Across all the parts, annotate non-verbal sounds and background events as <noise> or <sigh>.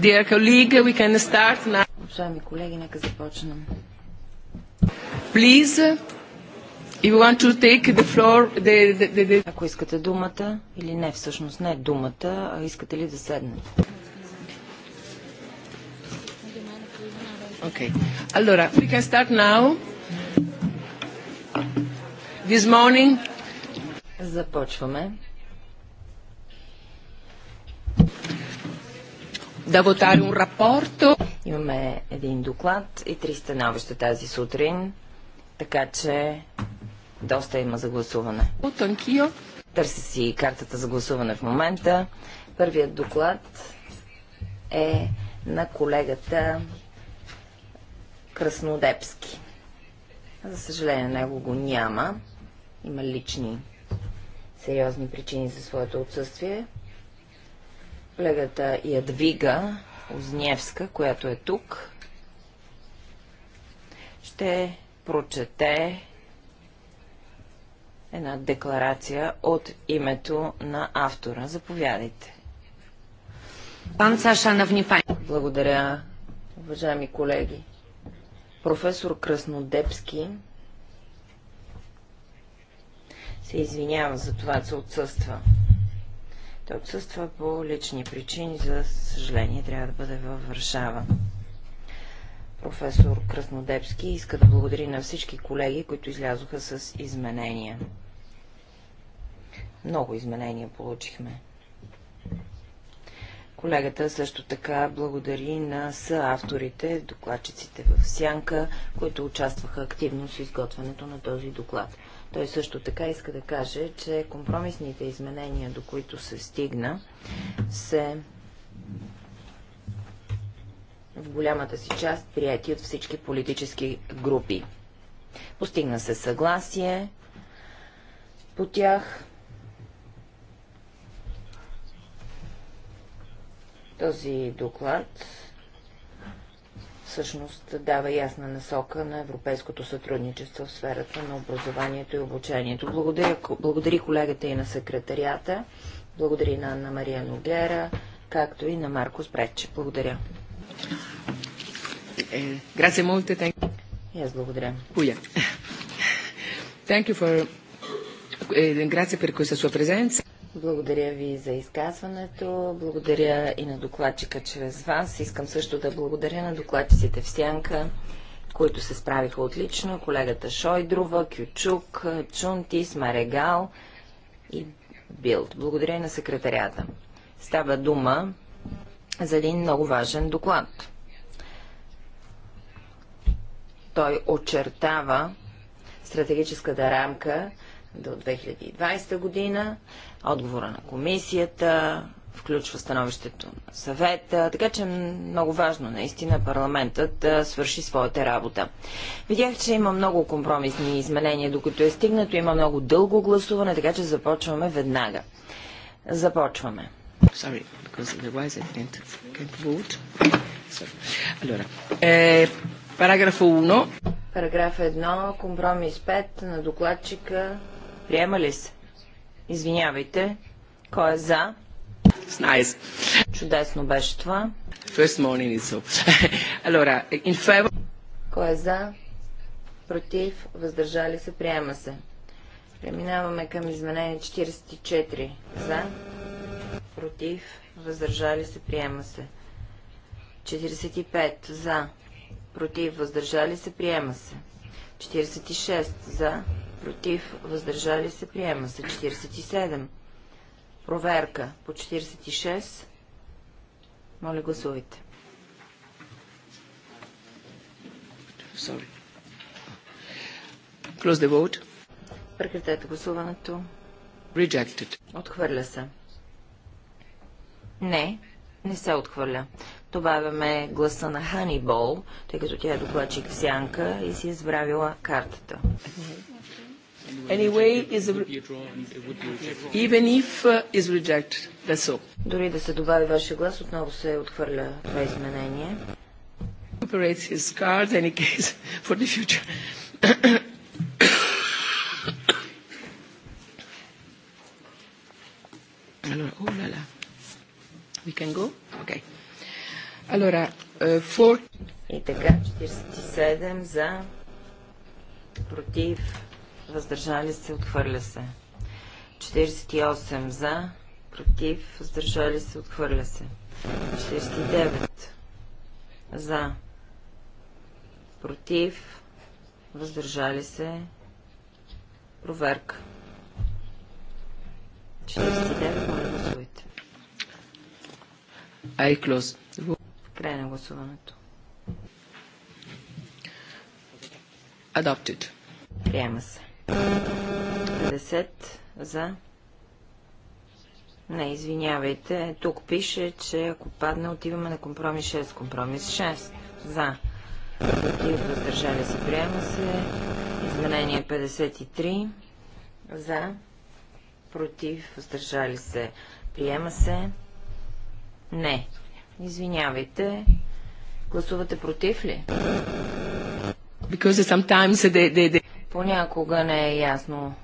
Dear colleague, we can start now. Уважаеми колеги, нека започнем. Please, if you want to take the floor, the, the, the, the... Ако искате думата, или не, всъщност не думата, а искате ли да седнете? Okay. Allora, we can start now. This morning. Започваме. да votare un Имаме един доклад и три становища тази сутрин, така че доста има за гласуване. Търся си картата за гласуване в момента. Първият доклад е на колегата Краснодепски. За съжаление, него го няма. Има лични сериозни причини за своето отсъствие колегата Ядвига Озневска, която е тук, ще прочете една декларация от името на автора. Заповядайте. Благодаря, уважаеми колеги. Професор Краснодепски се извинява за това, че отсъства. Той отсъства по лични причини, за съжаление трябва да бъде във Варшава. Професор Краснодепски иска да благодари на всички колеги, които излязоха с изменения. Много изменения получихме. Колегата също така благодари на съавторите, докладчиците в Сянка, които участваха активно с изготвянето на този доклад. Той също така иска да каже, че компромисните изменения, до които се стигна, се в голямата си част прияти от всички политически групи. Постигна се съгласие по тях. Този доклад всъщност дава ясна насока на европейското сътрудничество в сферата на образованието и обучението. Благодаря, благодаря колегата и на секретарията, благодаря на Анна Мария Ноглера, както и на Марко Спретче. Благодаря. Е, грация молите, И аз благодаря. Уя. Thank you for... Grazie per questa sua presenza. Благодаря ви за изказването. Благодаря и на докладчика чрез вас. Искам също да благодаря на докладчиците в Сянка, които се справиха отлично. Колегата Шойдрова, Кючук, Чунтис, Марегал и Билд. Благодаря и на секретарята. Става дума за един много важен доклад. Той очертава стратегическата рамка до 2020 година Отговора на комисията, включва становището на съвета, така че е много важно наистина парламентът да свърши своята работа. Видях, че има много компромисни изменения, докато е стигнато, има много дълго гласуване, така че започваме веднага. Започваме. Sorry, because otherwise I didn't get vote. Allora, eh, paragrafo 1. Параграф 1, компромис 5 на докладчика. Приема ли се? Извинявайте. Кой е за? Nice. Чудесно беше това. First morning is so. <laughs> allora, in favor... Кой е за? Против? Въздържали се? Приема се. Преминаваме към изменение 44. За? Против? Въздържали се? Приема се. 45. За? Против? Въздържали се? Приема се. 46. За? против, въздържали се, приема се. 47. Проверка по 46. Моля, гласувайте. Close the vote. Прекратете гласуването. Rejected. Отхвърля се. Не, не се отхвърля. Добавяме гласа на Ханибол, тъй като тя е докладчик в сянка и си е забравила картата. Mm-hmm anyway is even if is rejected. That's all. Дори да се добави вашия глас, отново се отхвърля това изменение. Operates his card any case for the future. Allora, oh la la We can go? Okay. Allora, uh, for... И така, 47 за, против въздържали се, отхвърля се. 48 за, против, въздържали се, отхвърля се. 49 за, против, въздържали се, проверка. 49, моля гласувайте. Ай, клюз. Край на гласуването. Адаптит. Приема се. 50 за. Не, извинявайте. Тук пише, че ако падне, отиваме на компромис 6. Компромис 6. За. Против, въздържали се, приема се. Изменение 53. За. Против, въздържали се, приема се. Не. Извинявайте. Гласувате против ли? Because sometimes they, they, they... Понякога не е ясно.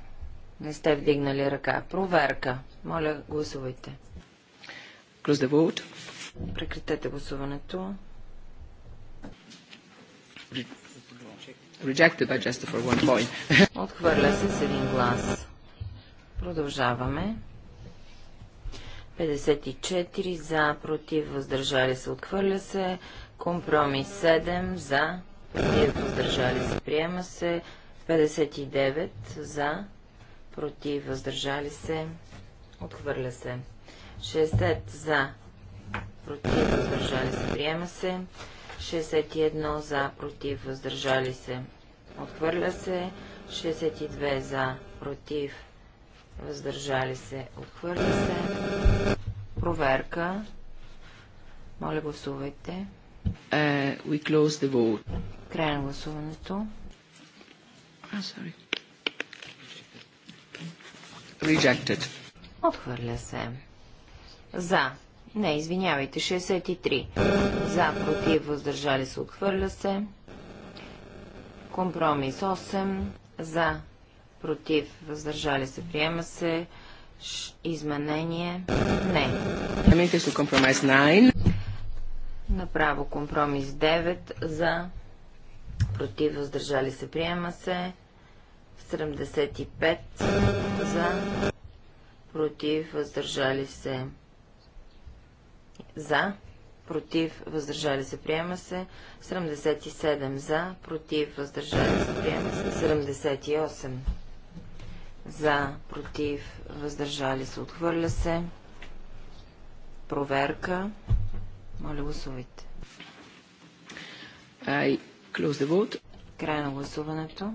Не сте вдигнали ръка. Проверка. Моля, гласувайте. Close Прекратете гласуването. Rejected by just for one point. <laughs> Отхвърля се с един глас. Продължаваме. 54 за, против, въздържали се, отхвърля се. Компромис 7 за, против, въздържали се, приема се. 59 за, против, въздържали се, отхвърля се. 60 за, против, въздържали се, приема се. 61 за, против, въздържали се, отхвърля се. 62 за, против, въздържали се, отхвърля се. Проверка. Моля, гласувайте. Uh, Край на гласуването. Oh, sorry. Rejected. Отхвърля се. За. Не, извинявайте, 63. За, против, въздържали се, отхвърля се. Компромис 8. За, против, въздържали се, приема се. Ш, изменение. Не. Преминете се компромис 9. Направо компромис 9. За, против, въздържали се, приема се. 75 за, против, въздържали се. За, против, въздържали се, приема се. 77 за, против, въздържали се, приема се. 78 за, против, въздържали се, отхвърля се. Проверка. Моля, гласувайте. Край на гласуването.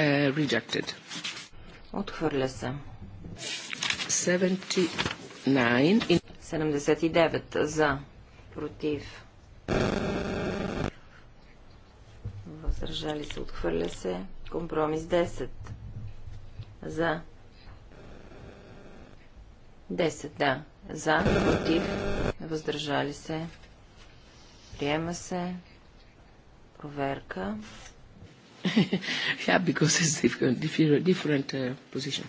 Е, rejected. Отхвърля се. 79 in... 79 за. Против. Въздържали се. Отхвърля се. Компромис 10 за. 10, да. За, против, въздържали се. Приема се. Проверка yeah, because it's different, different, different uh, position.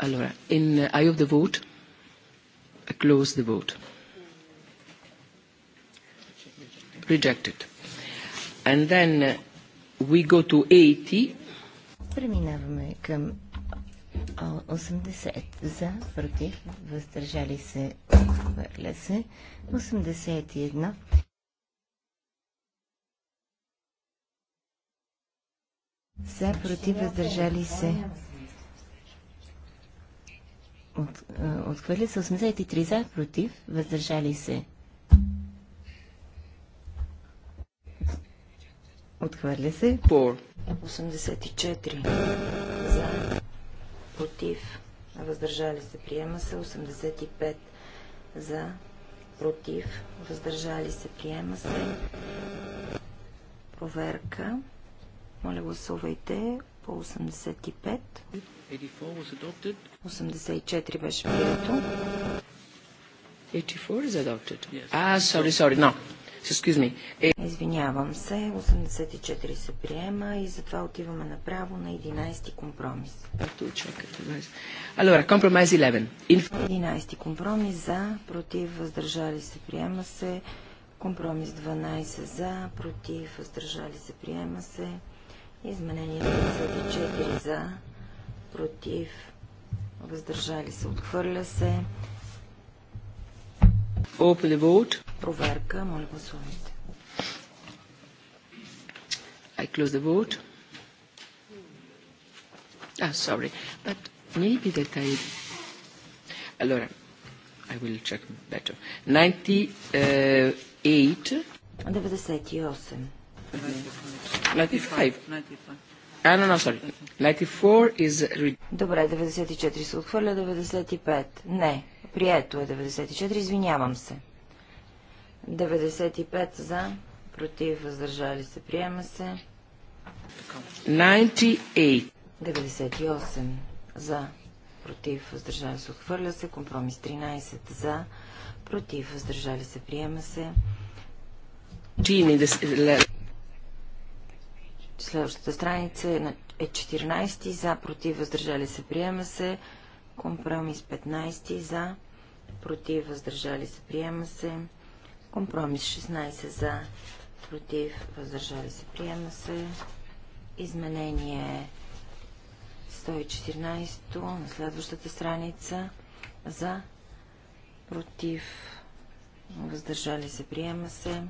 Allora, in uh, eye of the vote, I close the vote. Rejected. And then uh, we go to 80. Преминаваме към 80 за, против, въздържали се, хвърля се, 81 За, против, въздържали се. От, е, отхвърля се 83 за, против, въздържали се. Отхвърля се. 84 за, против, въздържали се. Приема се 85 за, против, въздържали се. Приема се. Проверка. Моля гласувайте по 85. 84 беше прието. 84 is adopted. Ah, sorry, sorry, no. Eh, Извинявам се, 84 се приема и затова отиваме направо на 11 компромис. 11 компромис за, против, въздържали се, приема се. Компромис 12 за, против, въздържали се, приема се. Изменение 34 за, против, въздържали се, отхвърля се. Open the vote. Проверка, моля гласувайте. I close the vote. Ah, sorry, but maybe that I... Allora, I will check better. 98. 98. А, ah, no, no, sorry. 94 is... Добре, 94 се отхвърля, 95. Не, прието е 94, извинявам се. 95 за, против, въздържали се, приема се. 98. 98 за, против, въздържали се, отхвърля се. Компромис 13 за, против, въздържали се, приема се. Следващата страница е 14 е за, против, въздържали се, приема се. Компромис 15 за, против, въздържали се, приема се. Компромис 16 за, против, въздържали се, приема се. Изменение 114 на следващата страница за, против, въздържали се, приема се.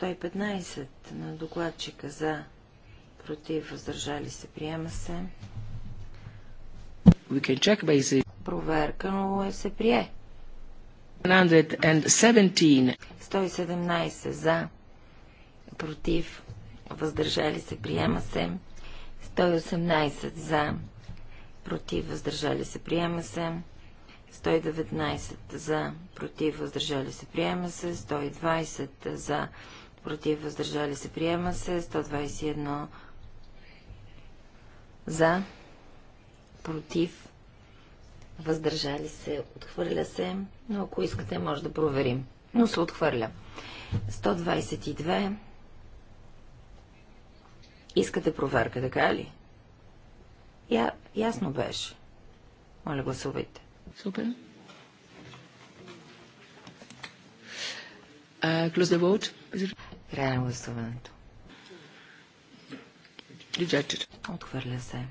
115 на докладчика за против, въздържали се, приема се. We can check the... Проверка, но е се прие. 117. 117 за, против, въздържали се, приема се. 118 за, против, въздържали се, приема се. 119 за, против, въздържали се, приема се. 120 за, против, въздържали се, приема се. 121 за, против, въздържали се, отхвърля се, но ако искате, може да проверим. Но се отхвърля. 122. Искате проверка, така ли? Я, ясно беше. Моля, гласувайте. Супер. Uh, close the vote. Край на гласуването. Отхвърля се.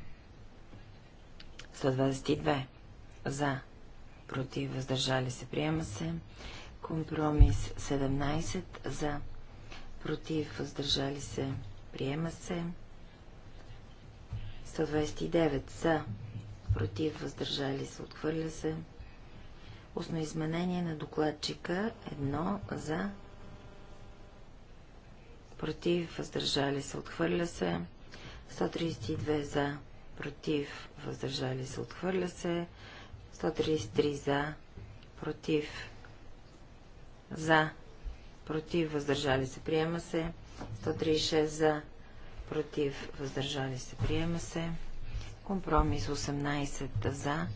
122. За. Против. Въздържали се. Приема се. Компромис 17. За. Против. Въздържали се. Приема се. 129. За. Против. Въздържали се. Отхвърля се. Осно изменение на докладчика. 1 За против, въздържали се, отхвърля се. 132 за, против, въздържали се, отхвърля се. 133 за, против, за, против, въздържали се, приема се. 136 за, против, въздържали се, приема се. Компромис 18 за,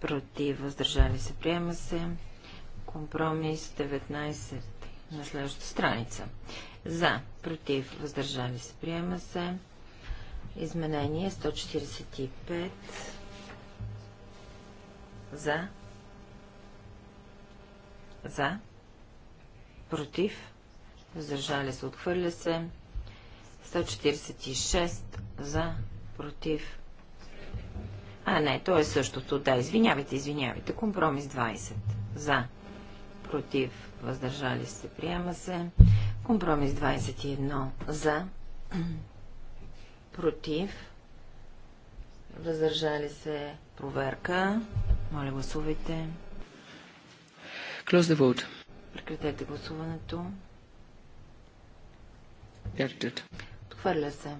против, въздържали се, приема се. Компромис 19 на следващата страница. За. Против. Въздържали се. Приема се. Изменение 145. За. За. Против. Въздържали се. Отхвърля се. 146. За. Против. А, не, то е същото. Да, извинявайте, извинявайте. Компромис 20. За. Против. Въздържали се. Приема се. Компромис 21 за, против, въздържали се проверка. Моля, гласувайте. Close the vote. Прекратете гласуването. Acted. Отхвърля се.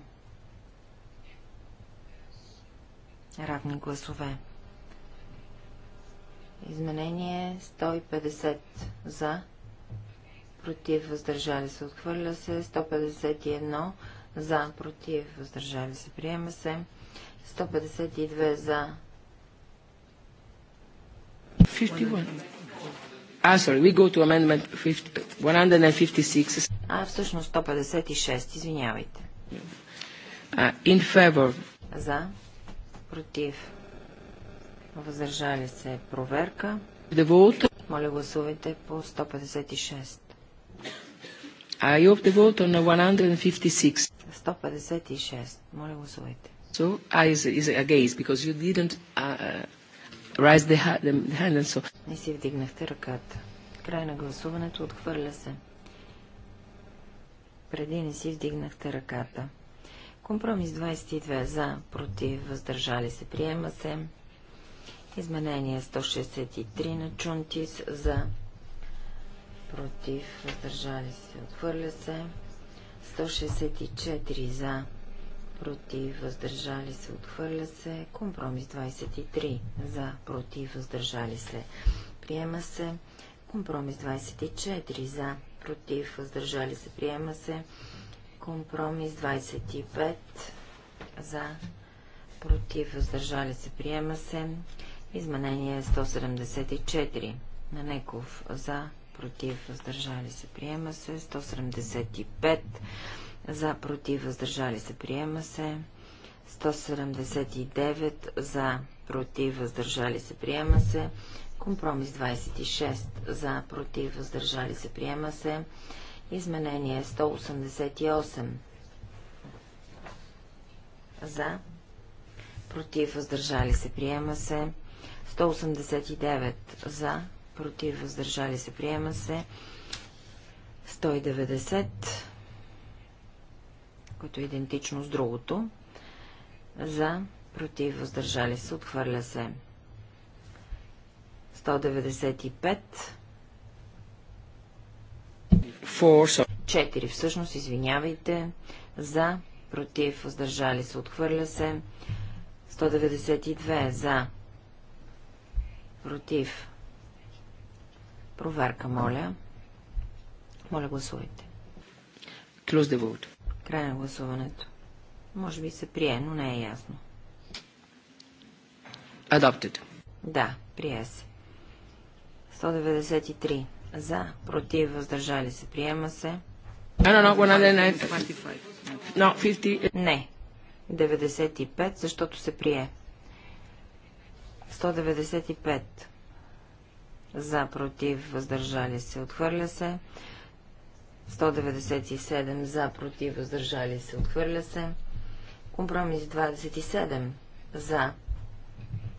Равни гласове. Изменение 150 за, против, въздържали се, отхвърля се. 151 за, против, въздържали се, приема се. 152 за. 51. А, ah, sorry, we go to amendment 156. А, всъщност 156, извинявайте. Uh, in favor. За, против, въздържали се, проверка. The vote. Моля гласувайте по 156. I open the vote on 156. 156. Моля, гласувайте. So I is, is against because you didn't uh, uh raise the, the, the hand and so. Не си вдигнахте ръката. Край на гласуването отхвърля се. Преди не си вдигнахте ръката. Компромис 22 за, против, въздържали се, приема се. Изменение 163 на Чунтис за, против, въздържали се, отхвърля се. 164 за, против, въздържали се, отхвърля се. Компромис 23 за, против, въздържали се, приема се. Компромис 24 за, против, въздържали се, приема се. Компромис 25 за, против, въздържали се, приема се. Изменение 174 на Неков за, против, въздържали се, приема се. 175 за, против, въздържали се, приема се. 179 за, против, въздържали се, приема се. Компромис 26 за, против, въздържали се, приема се. Изменение 188 за, против, въздържали се, приема се. 189 за, против, въздържали се, приема се. 190, което е идентично с другото. За, против, въздържали се, отхвърля се. 195. 4 всъщност, извинявайте. За, против, въздържали се, отхвърля се. 192 за, против, Проверка, моля. Моля, гласувайте. Close the vote. Край на гласуването. Може би се прие, но не е ясно. Adopted. Да, прие се. 193. За, против, въздържали се, приема се. No, no, no, no, Не. 95, защото се прие. 195 за, против, въздържали се, отхвърля се. 197 за, против, въздържали се, отхвърля се. Компромис 27 за,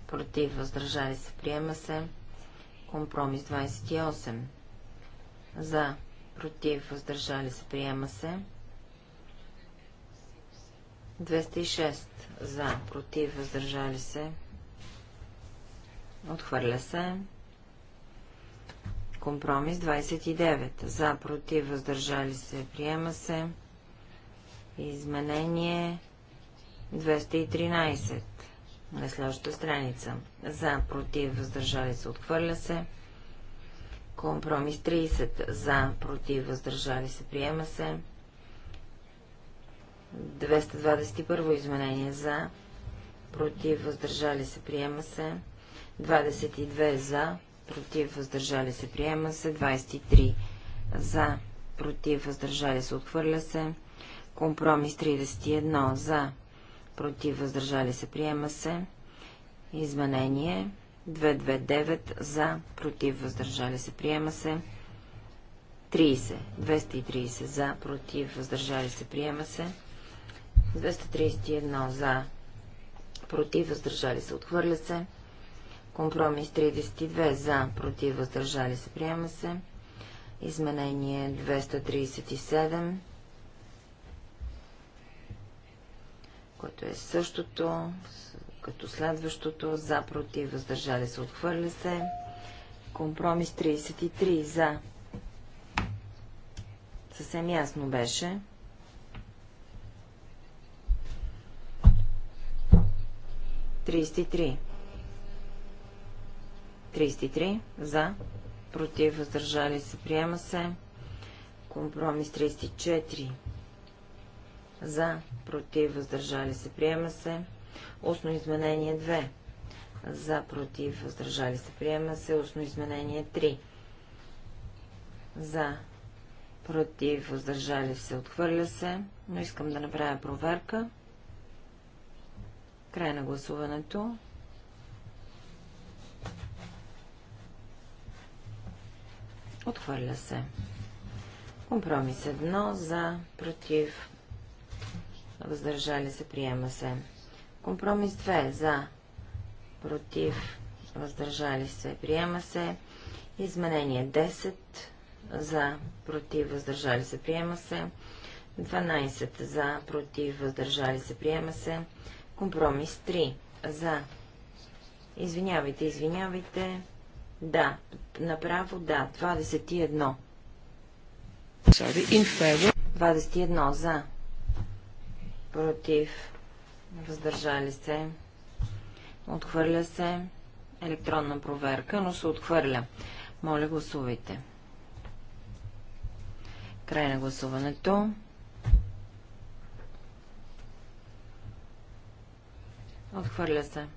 против, въздържали се, приема се. Компромис 28 за, против, въздържали се, приема се. 206 за, против, въздържали се, отхвърля се. Компромис 29. За, против, въздържали се, приема се. Изменение 213 на следващата страница. За, против, въздържали се, отхвърля се. Компромис 30. За, против, въздържали се, приема се. 221 изменение за, против, въздържали се, приема се. 22 за, против, въздържали се, приема се. 23 за, против, въздържали се, отхвърля се. Компромис 31 за, против, въздържали се, приема се. Изменение 229 за, против, въздържали се, приема се. 30, 230 за, против, въздържали се, приема се. 231 за, против, въздържали се, отхвърля се. Компромис 32 за, против, въздържали се, приема се. Изменение 237, което е същото, като следващото, за, против, въздържали се, отхвърля се. Компромис 33 за. Съвсем ясно беше. три. 33 за, против, въздържали се, приема се. Компромис 34 за, против, въздържали се, приема се. Устно изменение 2 за, против, въздържали се, приема се. Устно изменение 3 за, против, въздържали се, отхвърля се, но искам да направя проверка. Край на гласуването. Отхвърля се. Компромис едно за, против, въздържали се, приема се. Компромис 2 за, против, въздържали се, приема се. Изменение 10 за, против, въздържали се, приема се. 12 за, против, въздържали се, приема се. Компромис 3 за. Извинявайте, извинявайте. Да, направо да. 21. Sorry, in favor. 21 за. Против. Въздържали се. Отхвърля се. Електронна проверка, но се отхвърля. Моля, гласувайте. Край на гласуването. Отхвърля се.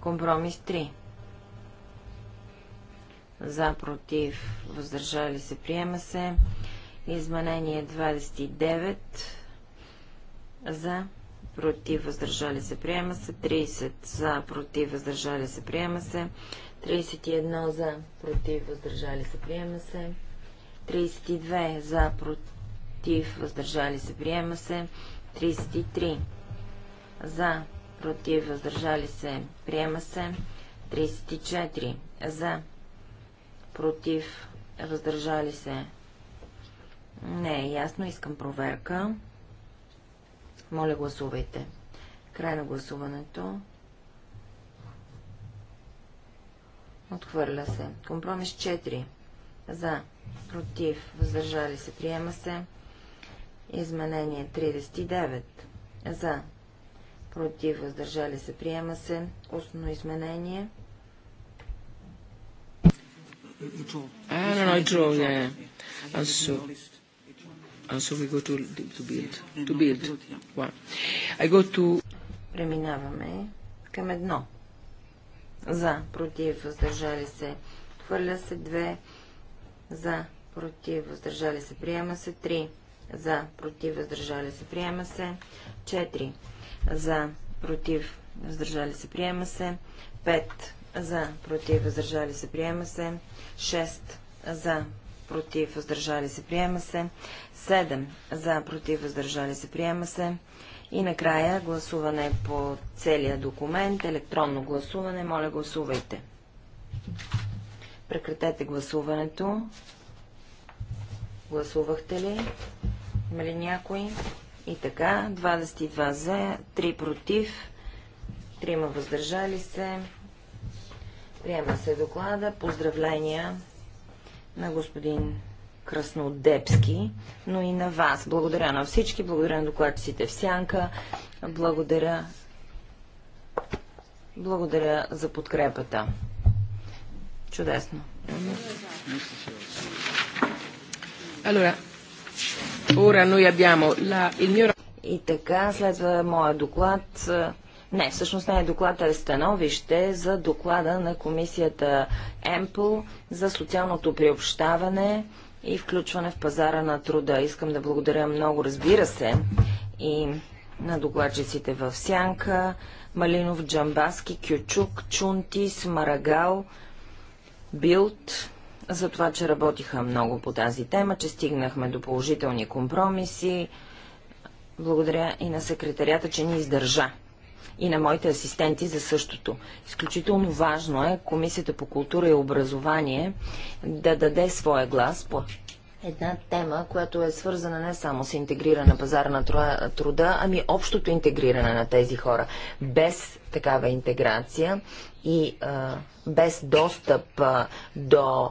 Компромис 3. За, против, въздържали се, приема се. Изменение 29. За, против, въздържали се, приема се. 30. За, против, въздържали се, приема се. 31. За, против, въздържали се, приема се. 32. За, против, въздържали се, приема се. 33. За, против, въздържали се, приема се. 34 за, против, въздържали се. Не е ясно, искам проверка. Моля, гласувайте. Край на гласуването. Отхвърля се. Компромис 4. За. Против. Въздържали се. Приема се. Изменение 39. За против, въздържали се, приема се. Устно изменение. Преминаваме към едно. За, против, въздържали се, хвърля се две. За, против, въздържали се, приема се три. За, против, въздържали се, приема се Четири за, против, въздържали се, приема се. 5 за, против, въздържали се, приема се. 6 за, против, въздържали се, приема се. 7 за, против, въздържали се, приема се. И накрая гласуване по целия документ, електронно гласуване. Моля, гласувайте. Прекратете гласуването. Гласувахте ли? Има ли някой? И така, 22 за, 3 против, 3 въздържали се. Приема се доклада. Поздравления на господин Краснодепски, но и на вас. Благодаря на всички, благодаря на докладчиците в Сянка, благодаря, благодаря за подкрепата. Чудесно. Allora, и така, следва моя доклад. Не, всъщност не е доклад, а е становище за доклада на комисията ЕМПЛ за социалното приобщаване и включване в пазара на труда. Искам да благодаря много, разбира се, и на докладчиците в Сянка, Малинов, Джамбаски, Кючук, Чунти, Смарагал, Билт, за това, че работиха много по тази тема, че стигнахме до положителни компромиси. Благодаря и на секретарията, че ни издържа. И на моите асистенти за същото. Изключително важно е Комисията по култура и образование да даде своя глас по една тема, която е свързана не само с интегрирана пазар на труда, ами общото интегриране на тези хора. Без такава интеграция и а, без достъп а, до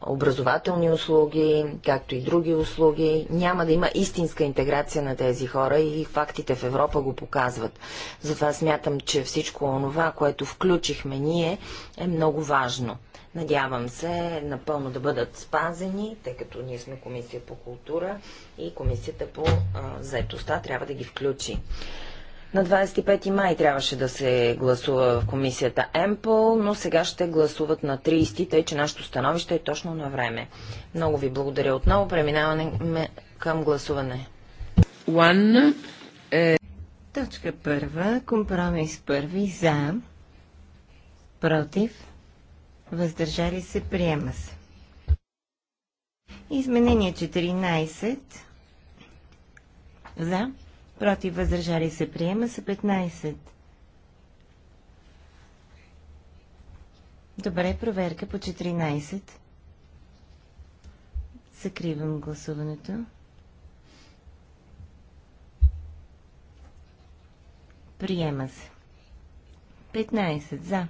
образователни услуги, както и други услуги. Няма да има истинска интеграция на тези хора и фактите в Европа го показват. Затова смятам, че всичко онова, което включихме ние, е много важно. Надявам се напълно да бъдат спазени, тъй като ние сме Комисия по култура и Комисията по а, заедостта трябва да ги включи. На 25 май трябваше да се гласува в комисията ЕМПЛ, но сега ще гласуват на 30, тъй че нашето становище е точно на време. Много ви благодаря отново. Преминаваме към гласуване. One, е... Точка първа. Компромис първи. За. Против. Въздържали се. Приема се. Изменение 14. За против въздържали се приема се 15. Добре, проверка по 14. Закривам гласуването. Приема се. 15 за.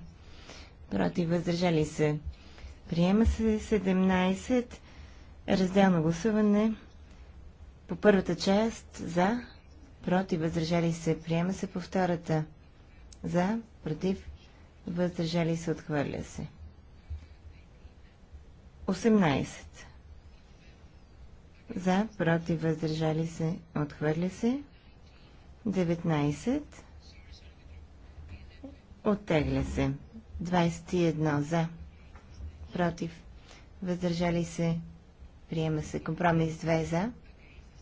Против въздържали се. Приема се 17. Разделно гласуване. По първата част за против, въздържали се, приема се по втората. За, против, въздържали се, отхвърля се. 18. За, против, въздържали се, отхвърля се. 19. Оттегля се. 21. За, против, въздържали се, приема се. Компромис 2 за,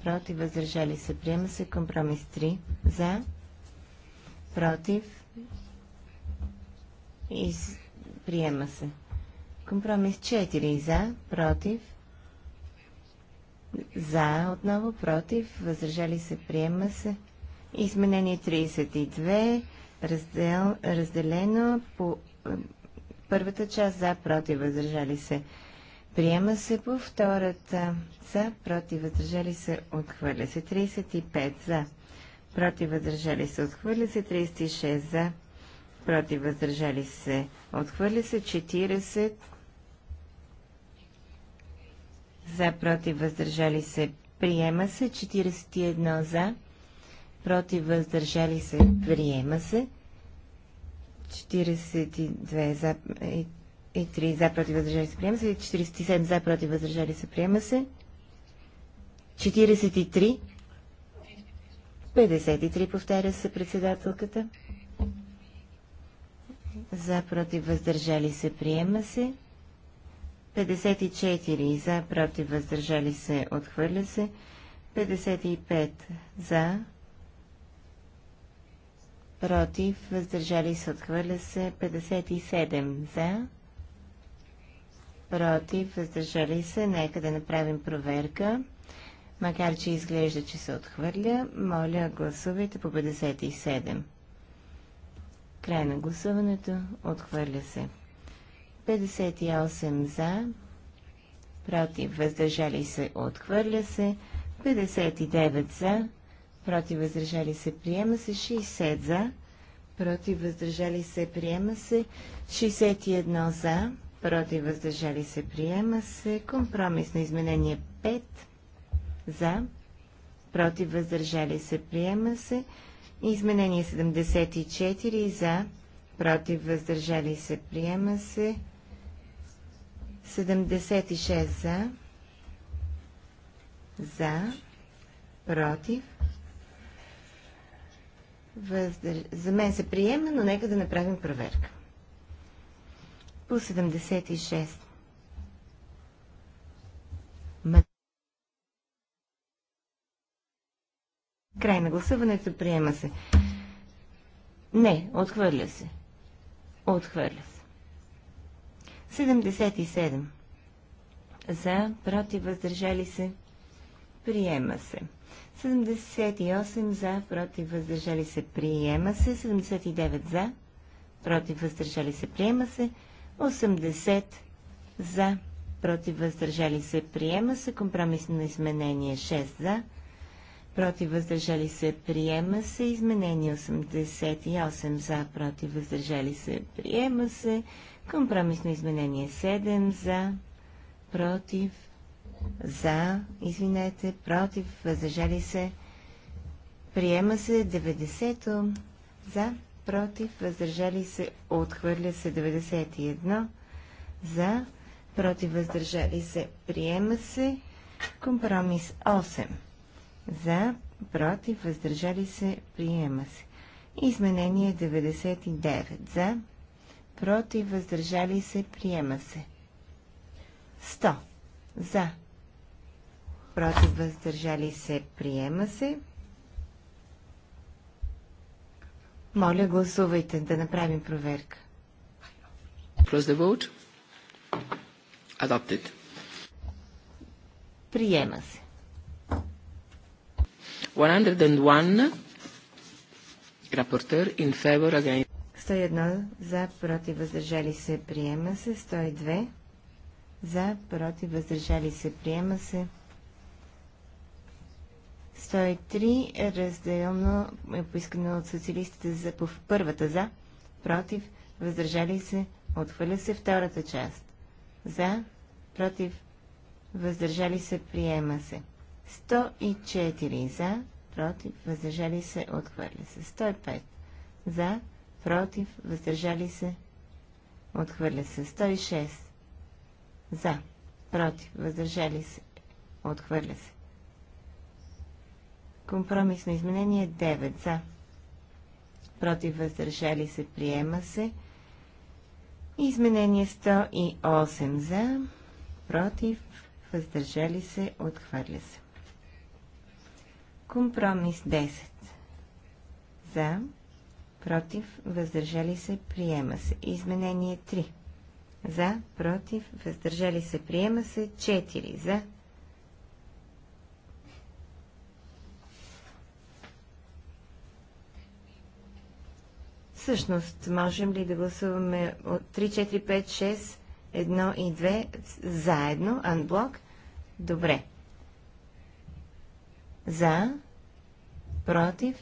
против, въздържали се, приема се. Компромис 3 за, против, и приема се. Компромис 4 за, против, за, отново против, въздържали се, приема се. Изменение 32, раздел, разделено по първата част за, против, въздържали се, Приема се по втората. За, против, въздържали се, отхвърля се. 35 за, против, въздържали се, отхвърля се. 36 за, против, въздържали се, отхвърля се. 40 за, против, въздържали се, приема се. 41 за, против, въздържали се, приема се. 42 за 3 за, против, въздържали се, приема се. 47 за, против, въздържали се, приема се. 43. 53 повтаря се председателката. За, против, въздържали се, приема се. 54 за, против, въздържали се, отхвърля се. 55 за, против, въздържали се, отхвърля се. 57 за, против, въздържали се. Нека да направим проверка. Макар, че изглежда, че се отхвърля, моля, гласувайте по 57. Край на гласуването. Отхвърля се. 58 за, против, въздържали се. Отхвърля се. 59 за, против, въздържали се. Приема се. 60 за, против, въздържали се. Приема се. 61 за, против, въздържали се, приема се. Компромис на изменение 5 за, против, въздържали се, приема се. Изменение 74 за, против, въздържали се, приема се. 76 за, за, против, въздър... За мен се приема, но нека да направим проверка по 76. Край на гласуването приема се. Не, отхвърля се. Отхвърля се. 77. За, против, въздържали се. Приема се. 78 за, против, въздържали се. Приема се. 79 за, против, въздържали се. Приема се. 80 за, против въздържали се, приема се. Компромисно изменение 6 за, против въздържали се, приема се. Изменение 88 за, против въздържали се, приема се. Компромисно изменение 7 за, против, за, извинете, против, въздържали се, приема се 90-то за, против, въздържали се, отхвърля се 91, за, против, въздържали се, приема се, компромис 8, за, против, въздържали се, приема се. Изменение 99, за, против, въздържали се, приема се. 100, за, против, въздържали се, приема се. Моля, гласувайте да направим проверка. Close the vote. Adopted. Приема се. 101 рапортер in favor against. 101 за, против, въздържали се, приема се. 102 за, против, въздържали се, приема се. 103, разделно е поискано от социалистите за първата за, против, въздържали се, отхвърля се втората част. За, против, въздържали се, приема се. 104 за, против, въздържали се, отхвърля се. 105 за, против, въздържали се, отхвърля се. 106 за, против, въздържали се, отхвърля се. Компромисно изменение 9 е за. Против въздържали се, приема се. Изменение 108 за. Против въздържали се, отхвърля се. Компромис 10 за. Против въздържали се, приема се. Изменение 3 за. Против въздържали се, приема се. 4 за Всъщност, можем ли да гласуваме от 3, 4, 5, 6, 1 и 2 заедно, анблок? Добре. За, против,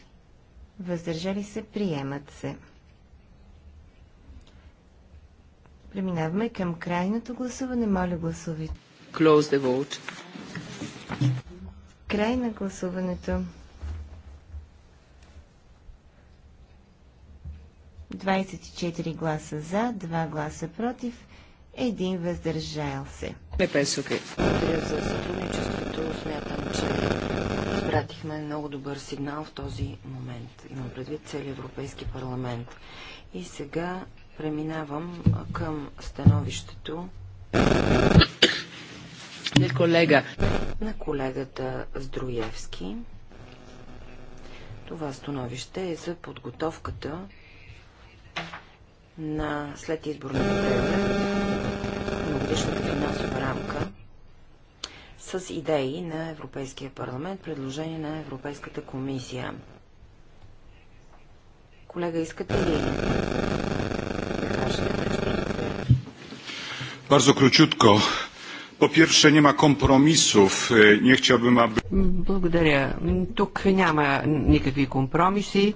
въздържали се, приемат се. Преминаваме към крайното гласуване. Моля гласувайте. Close the vote. Край на гласуването. 24 гласа за, 2 гласа против, 1 въздържал се. Не пенсо okay. Благодаря за сътрудничеството. Смятам, че изпратихме много добър сигнал в този момент. Имам предвид цели Европейски парламент. И сега преминавам към становището колега. на колегата Здруевски. Това становище е за подготовката на след изборната на годишната финансова рамка, с идеи на Европейския парламент, предложение на Европейската комисия. Колега, искате ли да кажете нещо? Бързо króciutko. По pierwsze, няма компромисов. Не Nie бы... Благодаря. Тук няма никакви компромиси.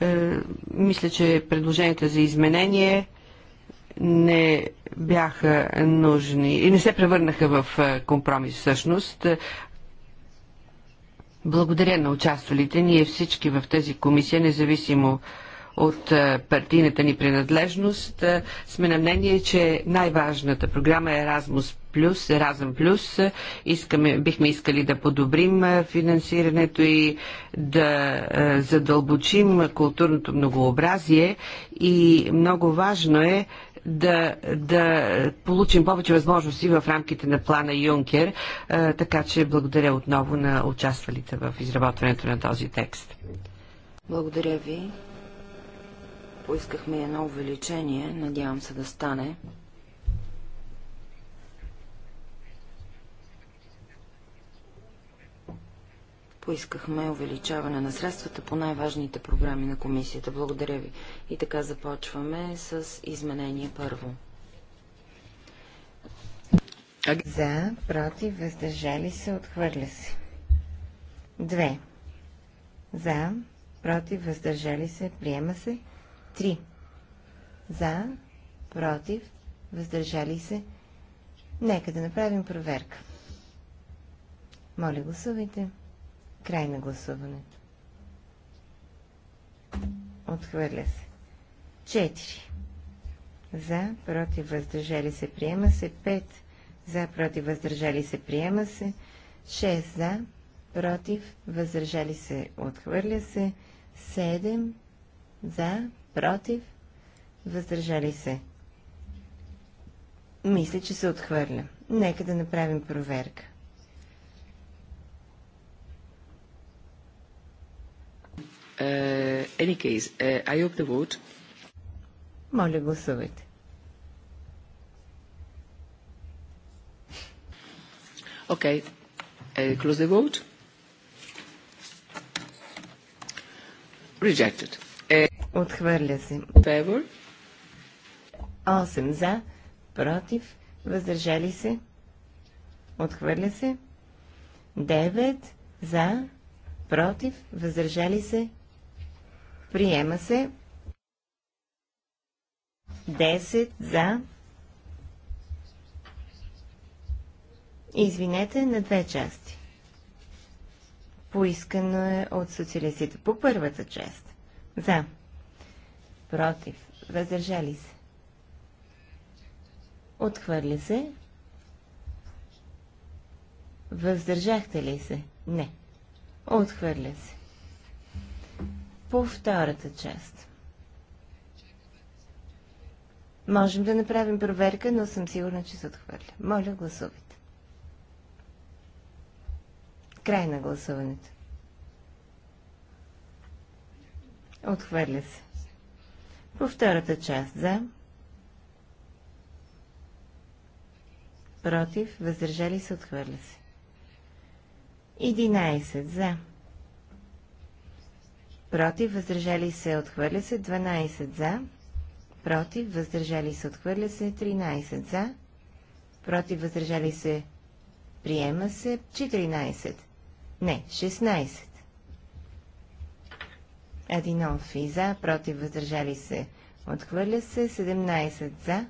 Е, мисля, че предложенията за изменение не бяха нужни и не се превърнаха в е, компромис всъщност. Благодаря на участвалите. Ние всички в тази комисия, независимо от е, партийната ни принадлежност, е, сме на мнение, че най-важната програма е Erasmus плюс, Еразъм плюс. Искаме, бихме искали да подобрим е, финансирането и да задълбочим културното многообразие и много важно е да, да получим повече възможности в рамките на плана Юнкер, така че благодаря отново на участвалите в изработването на този текст. Благодаря ви. Поискахме едно увеличение, надявам се да стане. Поискахме увеличаване на средствата по най-важните програми на комисията. Благодаря ви. И така започваме с изменение първо. За, против, въздържали се, отхвърля се. Две. За, против, въздържали се, приема се. 3. За, против, въздържали се. Нека да направим проверка. Моля, гласувайте. Край на гласуването. Отхвърля се. 4. За, против, въздържали се, приема се. 5. За, против, въздържали се, приема се. 6. За, против, въздържали се, отхвърля се. 7. За, против, въздържали се. Мисля, че се отхвърля. Нека да направим проверка. Uh, any case, uh, I hope the vote. Моля, гласувайте. Окей. Okay. Uh, close the vote. Rejected е... Отхвърля се. Фебор. 8 за, против, въздържали се. Отхвърля се. 9 за, против, въздържали се. Приема се. 10 за. Извинете, на две части. Поискано е от социалистите по първата част. За. Против. Въздържали се. Отхвърля се. Въздържахте ли се? Не. Отхвърля се. По втората част. Можем да направим проверка, но съм сигурна, че се отхвърля. Моля, гласувайте. Край на гласуването. Отхвърля се. По втората част за. Против. Въздържали се. Отхвърля се. 11 за. Против. Въздържали се. Отхвърля се. 12 за. Против. Въздържали се. Отхвърля се. 13 за. Против. Въздържали се. Приема се. 14. Не. 16. Адинолфи за, против, въздържали се, отхвърля се. 17 за,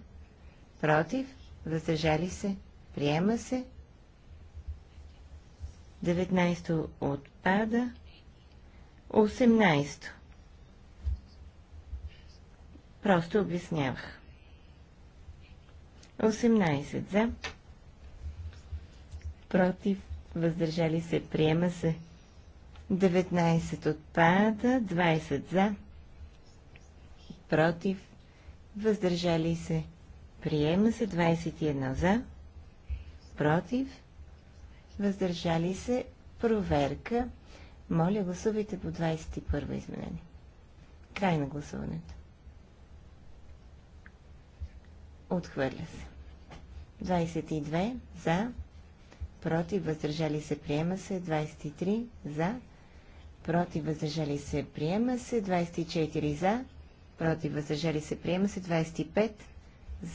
против, въздържали се, приема се. 19 отпада. 18 Просто обяснявах. 18 за, против, въздържали се, приема се. 19 отпада, 20 за, против, въздържали се. Приема се 21 за, против, въздържали се. Проверка. Моля, гласувайте по 21 изменение. Край на гласуването. Отхвърля се. 22 за, против, въздържали се, приема се, 23 за, против въздържали се, приема се 24 за, против въздържали се, приема се 25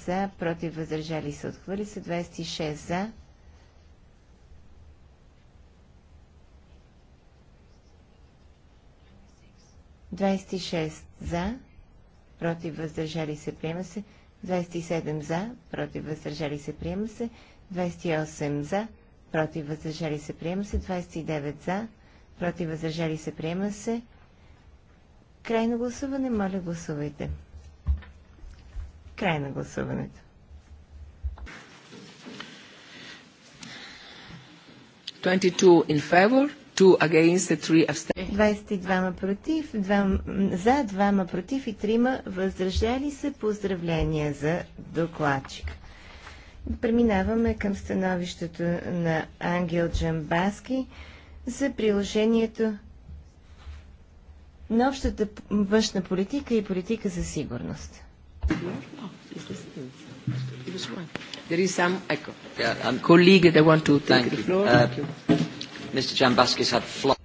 за, против въздържали се, отхвърли се 26 за. Двадесет шест за, против въздържали се, приема се. 27 за, против въздържали се, приема се. 28 за, против въздържали се, приема се. 29 за, против, въздържали се, приема се. Край на гласуване, моля гласувайте. Край на гласуването. 22 in favor, against, против, 2 за, двама против и трима въздържали се. Поздравления за докладчик. Преминаваме към становището на Ангел Джамбаски за приложението на общата външна политика и политика за сигурност. There is some echo. Yeah, um, colleague, they want to thank, Uh, had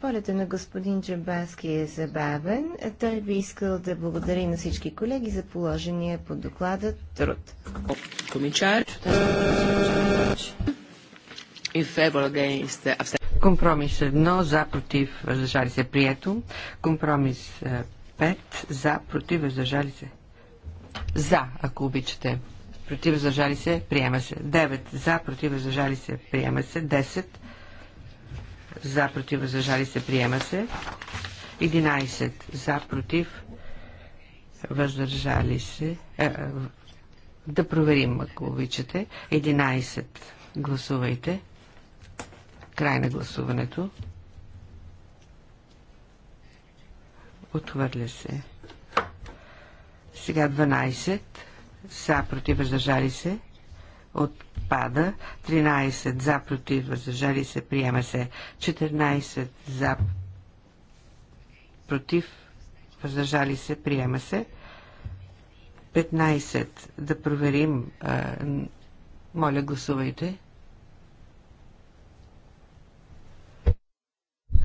Полета на господин Джамбаски е забавен. Той би искал да благодари на всички колеги за положения по доклада труд. Комичар. Uh, Компромис 1 за против въздържали се прието. Компромис 5 е, за против въздържали се. За, ако обичате. Против въздържали се, приема се. 9 за против въздържали се, приема се. 10 за против въздържали се, приема се. 11 за против въздържали се. Е, е да проверим, ако обичате. 11 гласувайте. Край на гласуването. Отхвърля се. Сега 12. За, против, въздържали се. Отпада. 13. За, против, въздържали се. Приема се. 14. За, против, въздържали се. Приема се. 15. Да проверим. Моля, гласувайте.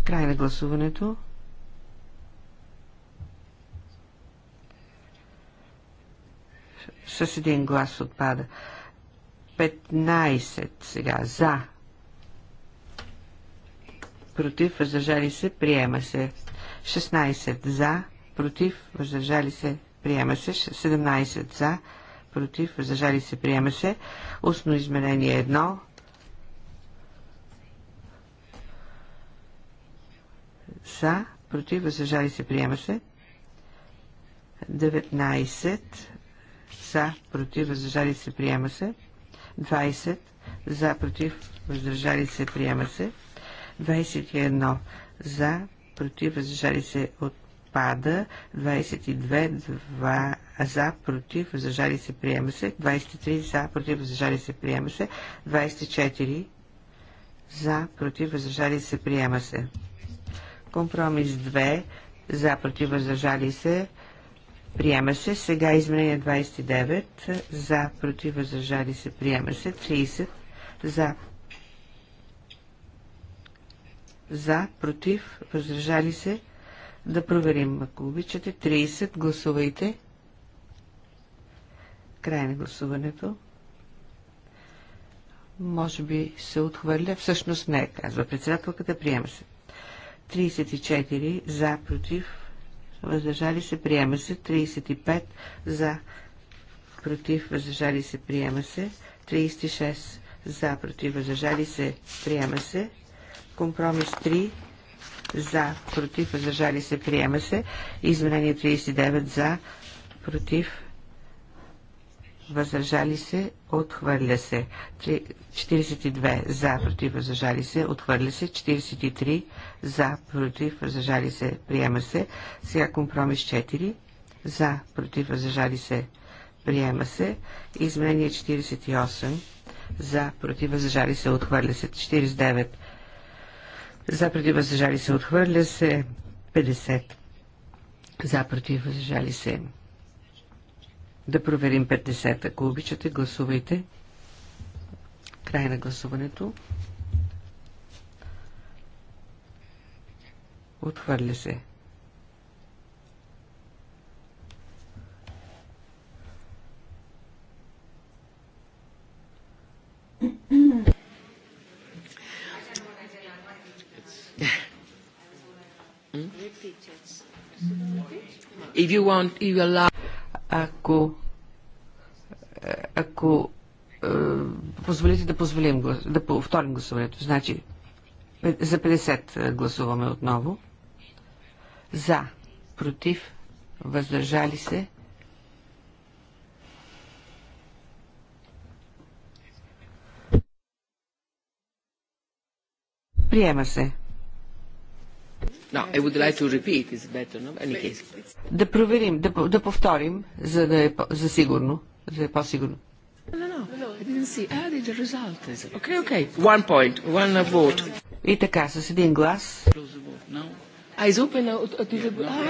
Край на гласуването. С един глас отпада. 15 сега за. Против, въздържали се, приема се. 16 за, против, въздържали се, приема се. 17 за, против, въздържали се, приема се. Устно изменение 1 за, против, въздържали се, приема се. 19 за, против, въздържали се, приема се. 20 за, против, въздържали се, приема се. 21 за, против, въздържали се, отпада. 22 2, за, против, въздържали се, приема се. 23 за, против, въздържали се, приема се. 24 за, против, въздържали се, приема се. Компромис 2 за против въздържали се. Приема се. Сега изменение 29 за против въздържали се. Приема се. 30 за за, против, въздържали се. Да проверим, ако обичате. 30. Гласувайте. Край на гласуването. Може би се отхвърля. Всъщност не, казва председателката. Приема се. 34 за, против, въздържали се, приема се. 35 за, против, въздържали се, приема се. 36 за, против, въздържали се, приема се. Компромис 3 за, против, въздържали се, приема се. Изменение 39 за, против, Възражали се, отхвърля се. 42 за, против, възражали се, отхвърля се. 43 за, против, възражали се, приема се. Сега компромис 4 за, против, възражали се, приема се. Изменение 48 за, против, възражали се, отхвърля се. 49 за, против, възражали се, отхвърля се. 50 за, против, въздържали се, да проверим 50. Ако обичате, гласувайте. Край на гласуването. Отхвърля се. If you want, you allow ако, е, ако е, позволите да позволим, да повторим гласуването. Значи, за 50 е, гласуваме отново. За, против, въздържали се. Приема се. No, I would like to repeat, it's better, no? Any case. Да проверим, да, да повторим, за да е за сигурно, за да е по-сигурно. No, no, no. I didn't see. Ah, the result is okay. Okay, one point, one vote. И така, с един глас. Ah, it's open.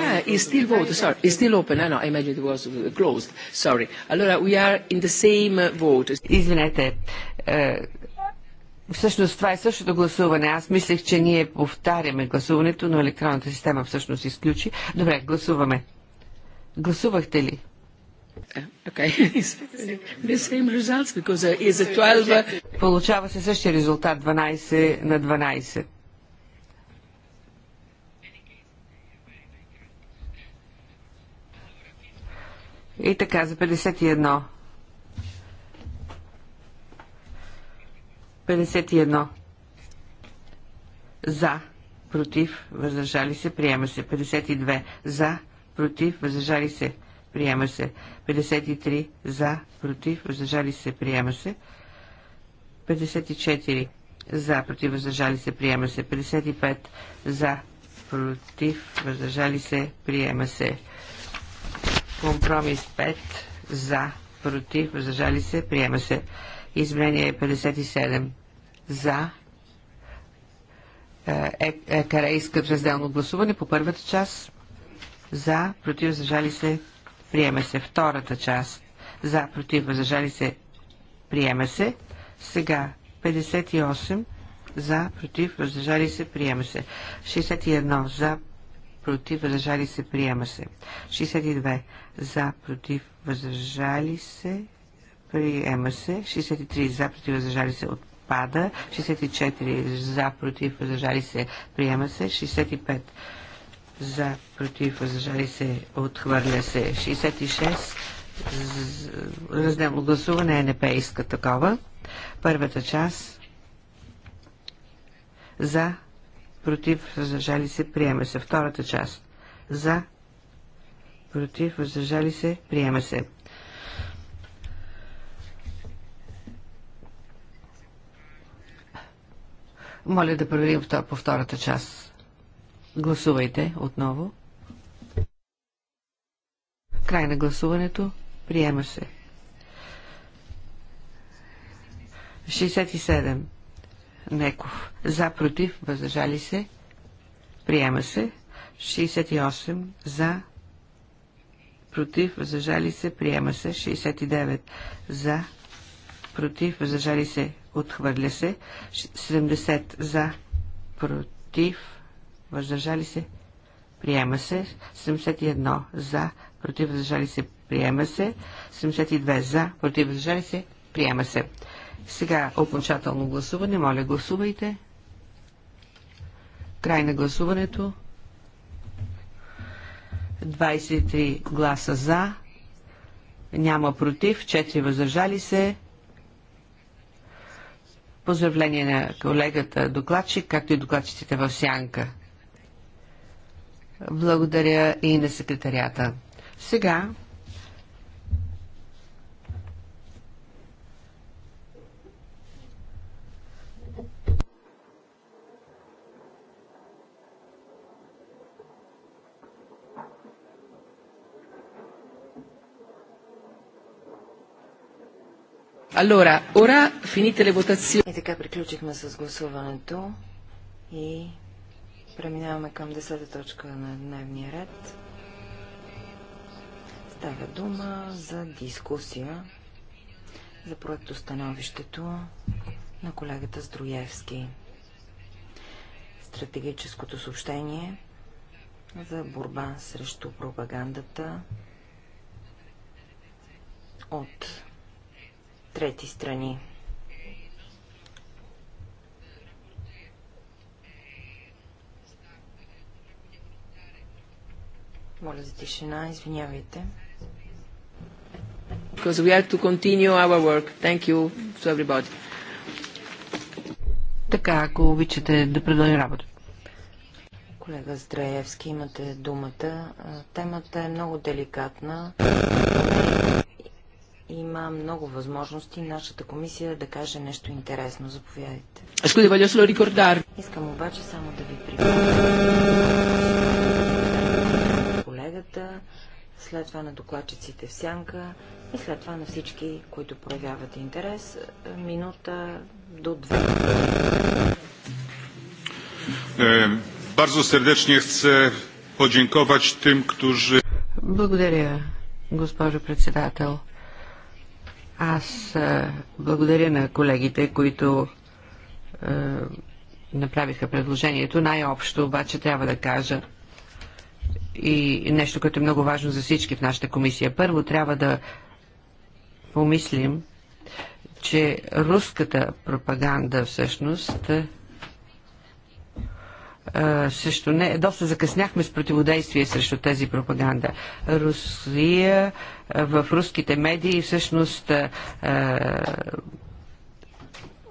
Ah, it's still vote. Sorry, it's still open. Ah, no, I imagine it was closed. Sorry. Allora, we are in the same vote. Извинете, Всъщност това е същото гласуване. Аз мислех, че ние повтаряме гласуването, но електронната система всъщност изключи. Добре, гласуваме. Гласувахте ли? Е, <laughs> uh, uh, Получава се същия резултат 12 на 12. И така, за 51. 51. За. Против. Въздържали се. Приема се. 52. За. Против. Въздържали се. Приема се. 53. За. Против. Въздържали се. Приема се. 54. За. Против. Въздържали се. Приема се. 55. За. Против. Въздържали се. Приема се. Компромис 5. За. Против. Въздържали се. Приема се. Изменение 57 за е, е, е, Каре искат разделно гласуване по първата част. За, против, зажали се, приема се. Втората част. За, против, зажали се, приема се. Сега 58 за, против, въздържали се, приема се. 61 за, против, въздържали се, приема се. 62 за, против, въздържали се, приема се, 63 за, против, въздържали се, отпада, 64 за, против, въздържали се, приема се, 65 за, против, въздържали се, отхвърля се, 66 разделно гласуване, е, НП иска такова. Първата част за, против, въздържали се, приема се. Втората част за, против, въздържали се, приема се. Моля да проверим по втората част. Гласувайте отново. Край на гласуването. Приема се. 67. Неков. За, против, въздържали се. Приема се. 68. За, против, въздържали се. Приема се. 69. За, против, въздържали се. Отхвърля се. 70 за. Против. Въздържали се. Приема се. 71 за. Против. Въздържали се. Приема се. 72 за. Против. Въздържали се. Приема се. Сега окончателно гласуване. Моля, гласувайте. Край на гласуването. 23 гласа за, няма против, 4 въздържали се. Поздравление на колегата докладчик, както и докладчиците в Сянка. Благодаря и на секретарията. Сега Allora, ora finite le votazioni. И така приключихме с гласуването и преминаваме към 10 точка на дневния ред. Става дума за дискусия за проектостановището на колегата Здроевски. Стратегическото съобщение за борба срещу пропагандата от трети страни. Моля за тишина, извинявайте. Because we have to continue our work. Thank you to everybody. Така, ако обичате да работа. Колега Здраевски, имате думата. Темата е много деликатна има много възможности нашата комисия да каже нещо интересно. Заповядайте. Искам обаче само да ви припомня колегата, след това на докладчиците в сянка и след това на всички, които проявяват интерес, минута до две. Bardzo serdecznie chcę podziękować tym, którzy... Благодаря, госпожо председател. Аз благодаря на колегите, които а, направиха предложението. Най-общо обаче трябва да кажа и нещо, което е много важно за всички в нашата комисия. Първо трябва да помислим, че руската пропаганда всъщност също не, доста закъсняхме с противодействие срещу тази пропаганда. Русия в руските медии всъщност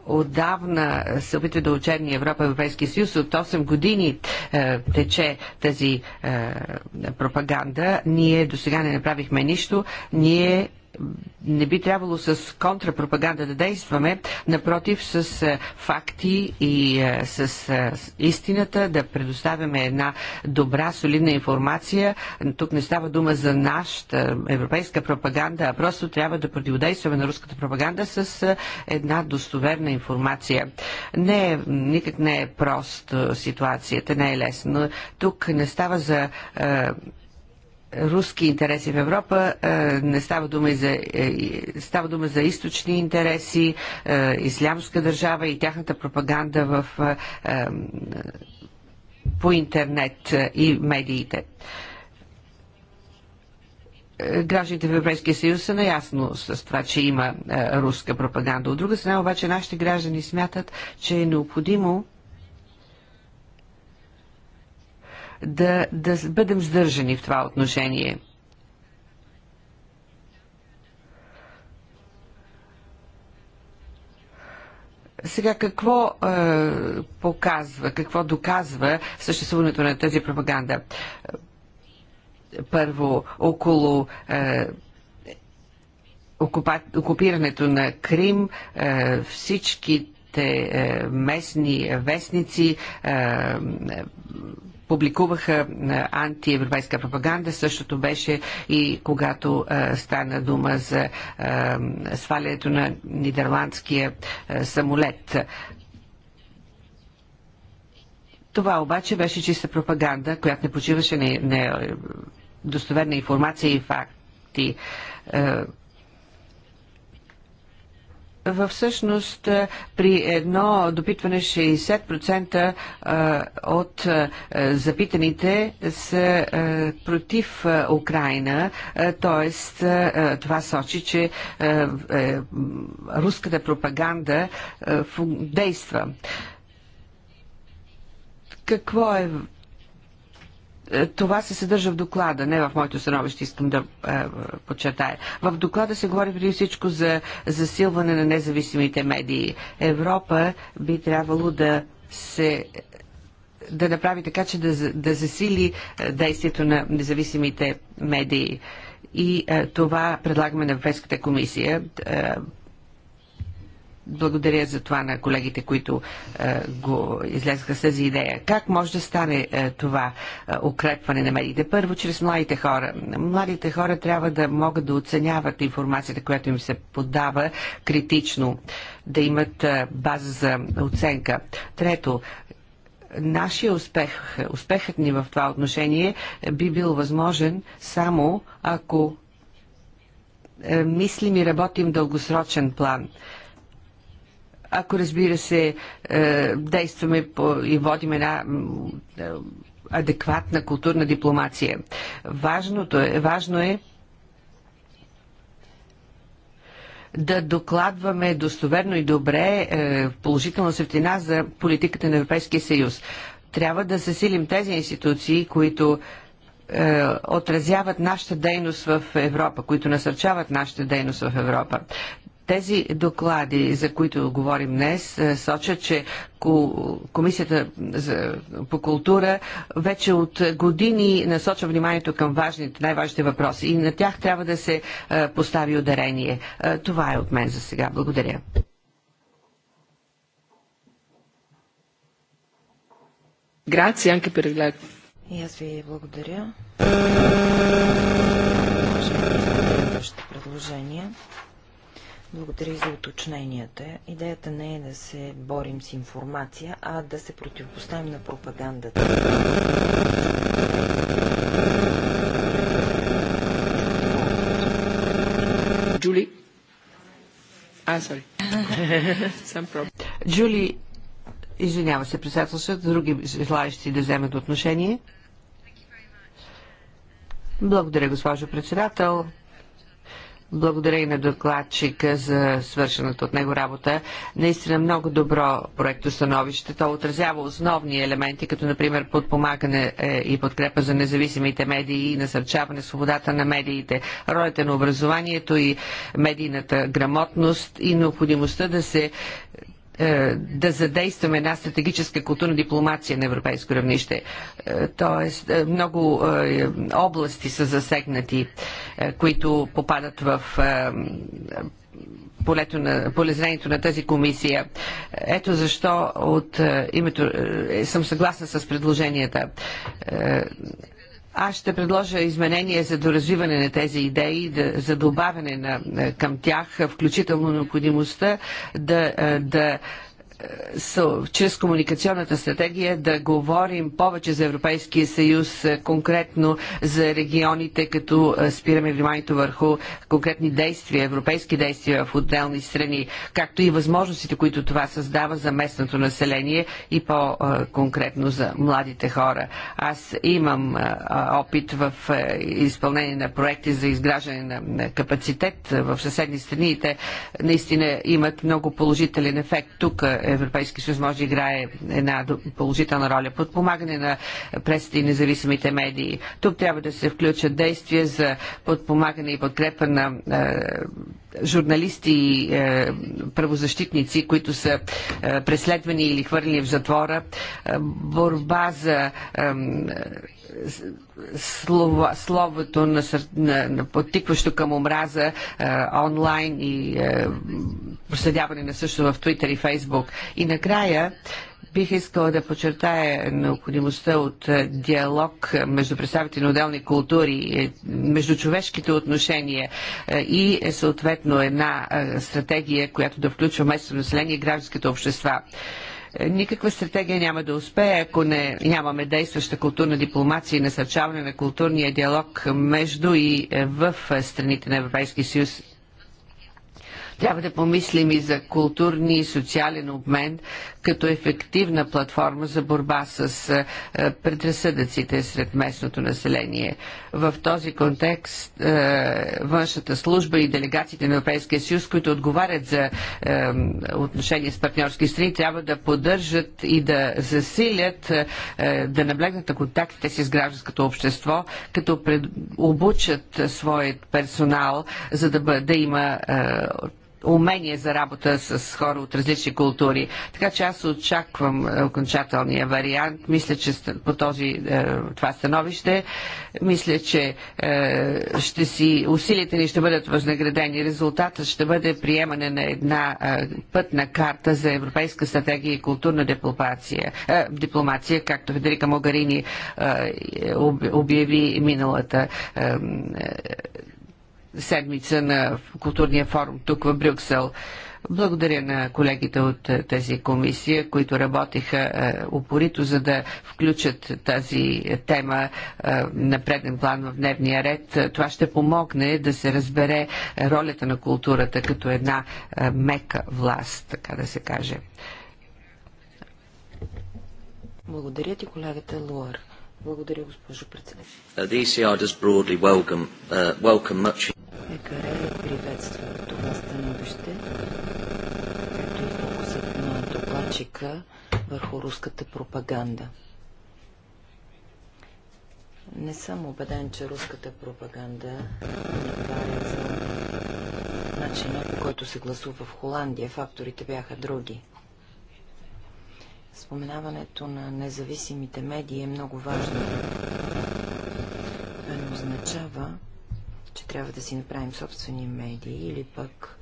отдавна се опитва да учебни Европа Европейския съюз. От 8 години е, тече тази е, пропаганда. Ние до сега не направихме нищо. Ние не би трябвало с контрапропаганда да действаме, напротив с е, факти и е, с е, истината да предоставяме една добра, солидна информация. Тук не става дума за нашата европейска пропаганда, а просто трябва да противодействаме на руската пропаганда с една достоверна информация. Не е, никак не е прост ситуацията, не е лесно. Тук не става за руски интереси в Европа. Е, не става дума, и за, е, става дума за източни интереси, е, ислямска държава и тяхната пропаганда в, по интернет и медиите гражданите в Европейския съюз са наясно с това, че има руска пропаганда. От друга страна обаче нашите граждани смятат, че е необходимо да, да бъдем сдържани в това отношение. Сега какво е, показва, какво доказва съществуването на тази пропаганда? Първо, около е, окупа, окупирането на Крим, е, всичките е, местни вестници, е, публикуваха антиевропейска пропаганда. Същото беше и когато стана дума за свалянето на нидерландския самолет. Това обаче беше чиста пропаганда, която не почиваше на, на достоверна информация и факти. Във всъщност е, при едно допитване 60% е, от е, запитаните са против Украина, т.е. това сочи, че руската пропаганда действа. Какво е е, това се съдържа в доклада, не в моето становище, искам да е, подчертая. В доклада се говори преди всичко за засилване на независимите медии. Европа би трябвало да се да направи така, че да, да засили е, действието на независимите медии. И е, това предлагаме на Европейската комисия. Е, благодаря за това на колегите, които е, го излезаха с тази идея. Как може да стане е, това е, укрепване на медиите? Първо, чрез младите хора. Младите хора трябва да могат да оценяват информацията, която им се подава критично, да имат е, база за оценка. Трето, нашия успех, успехът ни в това отношение би бил възможен само ако е, мислим и работим дългосрочен план ако разбира се е, действаме и водим една е, адекватна културна дипломация. Важното е, важно е да докладваме достоверно и добре е, положителна светлина за политиката на Европейския съюз. Трябва да засилим тези институции, които е, отразяват нашата дейност в Европа, които насърчават нашата дейност в Европа. Тези доклади, за които говорим днес, е, сочат, че Комисията по култура вече от години насочва вниманието към важните, най-важните въпроси и на тях трябва да се е, постави ударение. Е, това е от мен за сега. Благодаря. Грация, Анке Перегляд. И аз ви благодаря. Ще предложение. вашите предложения. Благодаря и за уточненията. Идеята не е да се борим с информация, а да се противопоставим на пропагандата. Джули. А, сори. <laughs> Джули, извинява се, председателството, други желаящи да вземат отношение. Благодаря, госпожо председател. Благодаря и на докладчика за свършената от него работа. Наистина много добро проекто становище. То отразява основни елементи, като например подпомагане е, и подкрепа за независимите медии и насърчаване свободата на медиите, ролята на образованието и медийната грамотност и необходимостта да се е, да задействаме една стратегическа културна дипломация на европейско равнище. Е, тоест, е, много области са засегнати, които попадат в полето на, полезрението на тази комисия. Ето защо от името съм съгласна с предложенията. Аз ще предложа изменение за доразвиване на тези идеи, да, за добавяне на, към тях, включително необходимостта да, е, да чрез комуникационната стратегия да говорим повече за Европейския съюз, е, конкретно за регионите, като е, спираме вниманието върху конкретни действия, европейски действия в отделни страни, както и възможностите, които това създава за местното население и по-конкретно за младите хора. Аз имам е, опит в изпълнение на проекти за изграждане на капацитет в съседни страни и те наистина имат много положителен ефект. Тук Европейски съюз може да играе една положителна роля. Подпомагане на пресите и независимите медии. Тук трябва да се включат действия за подпомагане и подкрепа на е, журналисти и е, правозащитници, които са е, преследвани или хвърлени в затвора. борба за слово, словото на, на, на подтикващо към омраза а, е, онлайн и а, е, проследяване на също в Твитър и Фейсбук. И накрая бих искала да подчертая необходимостта от е, диалог между представители на отделни култури, между човешките отношения и съответно една стратегия, която да включва местното население и гражданските общества. Е, никаква стратегия няма да успее, ако не, нямаме действаща културна дипломация и насърчаване на културния диалог между и е, в е, страните на Европейския съюз трябва да помислим и за културни и социален обмен като ефективна платформа за борба с е, предразсъдъците сред местното население. В този контекст е, външната служба и делегациите на Европейския съюз, които отговарят за е, отношения с партньорски страни, трябва да поддържат и да засилят, да наблегнат на контактите си с гражданското общество, като обучат своят персонал, за да, да има Умения за работа с хора от различни култури. Така че аз очаквам е, окончателния вариант. Мисля, че по този, е, това становище, мисля, че е, ще си, усилите ни ще бъдат възнаградени. Резултатът ще бъде приемане на една пътна карта за европейска стратегия и културна дипломация, дипломация както Федерика Могарини обяви миналата седмица на културния форум тук в Брюксел. Благодаря на колегите от е, тази комисия, които работиха е, упорито, за да включат тази тема е, на преден план в дневния ред. Това ще помогне да се разбере ролята на културата като една мека власт, така да се каже. Благодаря ти, колегата Луар. Благодаря, госпожо председател. E uh, ЕКР приветства това становище, като и фокусът на докладчика върху руската пропаганда. Не съм убеден, че руската пропаганда отговаря за начина, по който се гласува в Холандия. Факторите бяха други. Споменаването на независимите медии е много важно. Това не означава, че трябва да си направим собствени медии или пък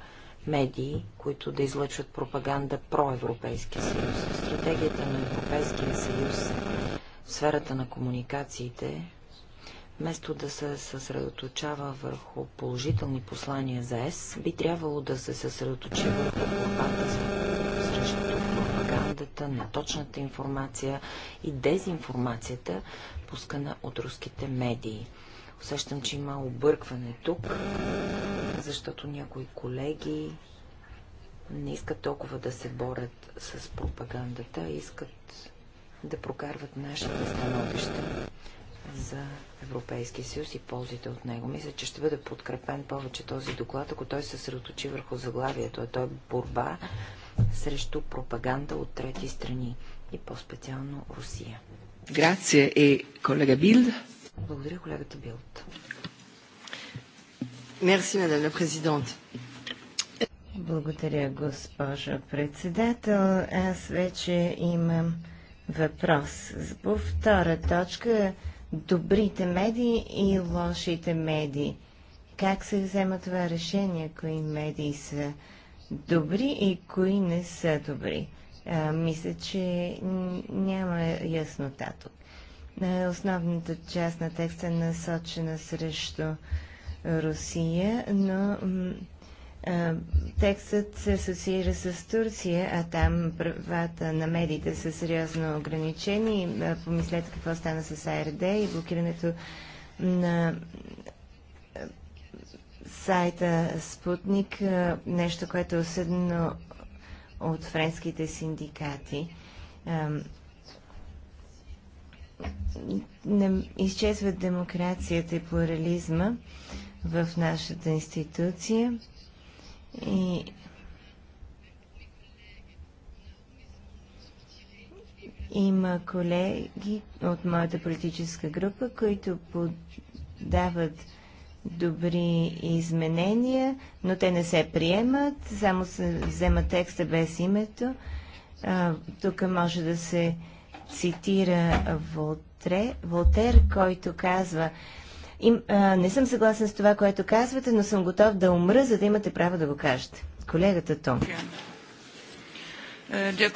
медии, които да излъчват пропаганда про Европейския съюз. Стратегията на Европейския съюз в сферата на комуникациите, вместо да се съсредоточава върху положителни послания за ЕС, би трябвало да се съсредоточи върху борбата срещу пропагандата, неточната информация и дезинформацията, пускана от руските медии. Усещам, че има объркване тук, защото някои колеги не искат толкова да се борят с пропагандата, искат да прокарват нашите становища за Европейския съюз и ползите от него. Мисля, че ще бъде подкрепен повече този доклад, ако той се съсредоточи върху заглавието, а той е борба срещу пропаганда от трети страни и по-специално Русия. Грация е колега Билд. Благодаря, колегата Билд. Мерси, мадам президент. Благодаря, госпожа председател. Аз вече имам въпрос. По втора точка добрите медии и лошите медии. Как се взема това решение, кои медии са добри и кои не са добри. А, мисля, че няма яснота тук. Основната част на текста е насочена срещу Русия, но а, текстът се асоциира с Турция, а там правата на медиите са сериозно ограничени. Помислете какво стана с АРД и блокирането на сайта Спутник, нещо, което е осъдено от френските синдикати. Изчезват демокрацията и плурализма в нашата институция и има колеги от моята политическа група, които подават добри изменения, но те не се приемат, само се взема текста без името. тук може да се цитира Волтре, Волтер, който казва им, а, не съм съгласен с това, което казвате, но съм готов да умра, за да имате право да го кажете. Колегата Том. Е,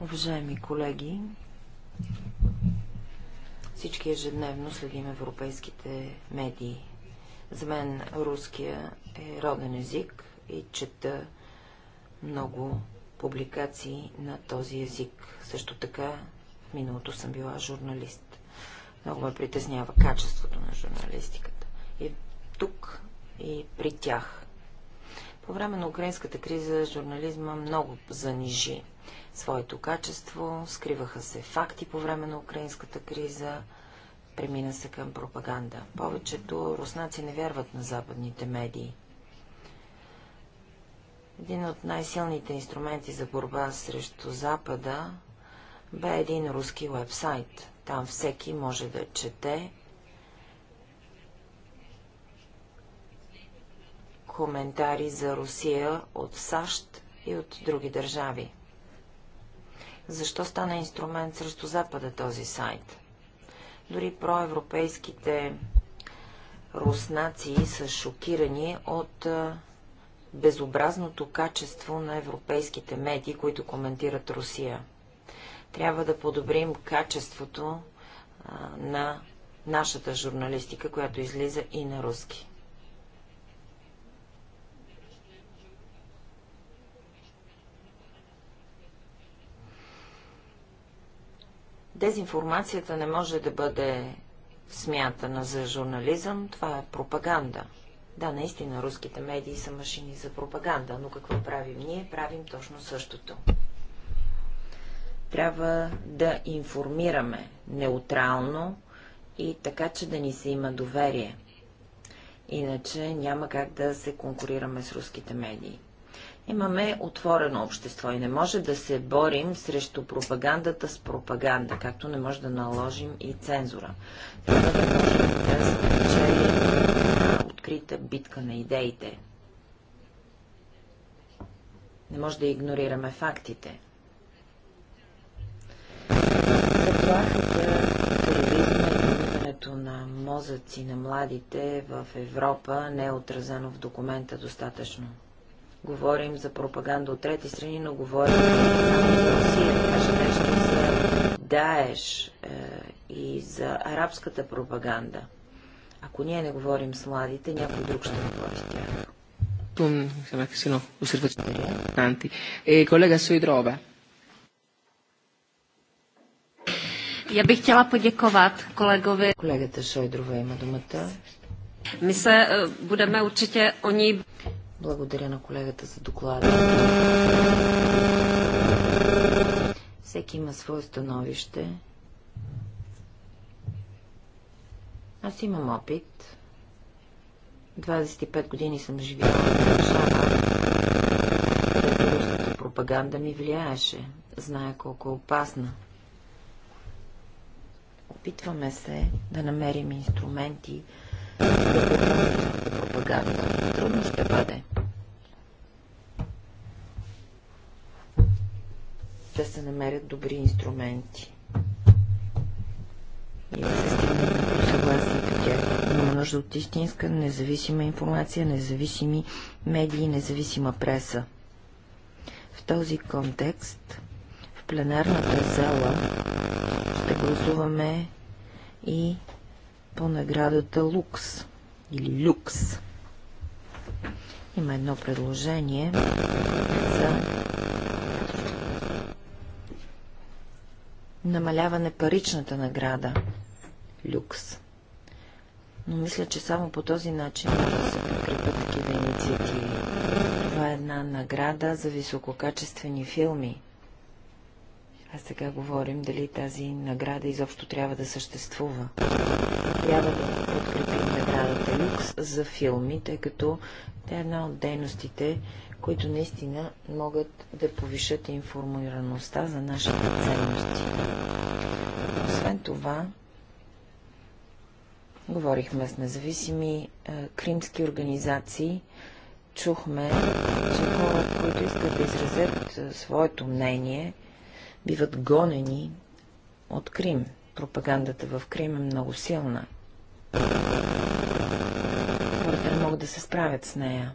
Уважаеми колеги, всички ежедневно следим европейските медии. За мен руския е роден език и чета много публикации на този език. Също така в миналото съм била журналист. Много ме притеснява качеството на журналистиката. И тук, и при тях. По време на украинската криза журнализма много занижи своето качество, скриваха се факти по време на украинската криза, Премина се към пропаганда. Повечето руснаци не вярват на западните медии. Един от най-силните инструменти за борба срещу Запада бе един руски вебсайт. Там всеки може да чете коментари за Русия от САЩ и от други държави. Защо стана инструмент срещу Запада този сайт? Дори проевропейските руснаци са шокирани от безобразното качество на европейските медии, които коментират Русия. Трябва да подобрим качеството на нашата журналистика, която излиза и на руски. Дезинформацията не може да бъде смятана за журнализъм, това е пропаганда. Да, наистина, руските медии са машини за пропаганда, но какво правим ние? Правим точно същото. Трябва да информираме неутрално и така, че да ни се има доверие. Иначе няма как да се конкурираме с руските медии. Имаме отворено общество и не може да се борим срещу пропагандата с пропаганда, както не може да наложим и цензура. Трябва да може да спечелим открита битка на идеите. Не може да игнорираме фактите. Заплахата тероризма и умирането на мозъци на младите в Европа не е отразено в документа достатъчно. Говорим за пропаганда от трети страни, но говорим за Русия. нещо е за Даеш е, и за арабската пропаганда. Ако ние не говорим с младите, някой друг ще говори с тях. Тум, сема, си, но, Танти. Е, колега Суидрова. Я бих хотела поděkovat kolegovi. Колегата Шойдрова има думата. My se е, budeme určitě o ní... Благодаря на колегата за доклада. Всеки има свое становище. Аз имам опит. 25 години съм живяла в Варшава, руската пропаганда ми влияеше. Зная колко е опасна. Опитваме се да намерим инструменти за да пропаганда. Трудно ще бъде. ще се намерят добри инструменти. И да се стигне до съгласие по тях. Има нужда от истинска, независима информация, независими медии, независима преса. В този контекст, в пленарната зала, ще гласуваме и по наградата Лукс или Люкс. Има едно предложение намаляване паричната награда люкс. Но мисля, че само по този начин да се прикрепят такива инициативи. Това е една награда за висококачествени филми. А сега говорим дали тази награда изобщо трябва да съществува. Трябва да подкрепим наградата Люкс за филми, тъй като тя е една от дейностите, които наистина могат да повишат информираността за нашите ценности това говорихме с независими е, кримски организации, чухме, че хора, които искат да изразят е, своето мнение, биват гонени от Крим. Пропагандата в Крим е много силна. Хората не могат да се справят с нея.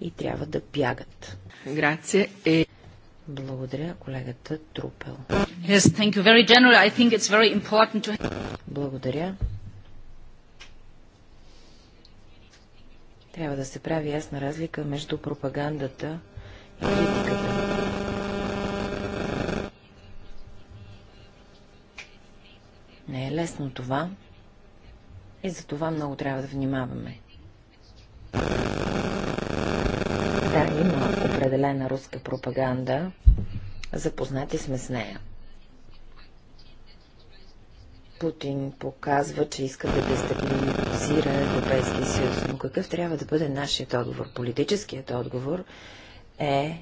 И трябва да бягат. Грация е... Благодаря, колегата Трупел. Yes, thank you. Very general. I think it's very important to... Благодаря. Трябва да се прави ясна разлика между пропагандата и критиката. Не е лесно това и за това много трябва да внимаваме. Да, има определена руска пропаганда. Запознати сме с нея. Путин показва, че иска да дестабилизира Европейския съюз. Но какъв трябва да бъде нашият отговор? Политическият отговор е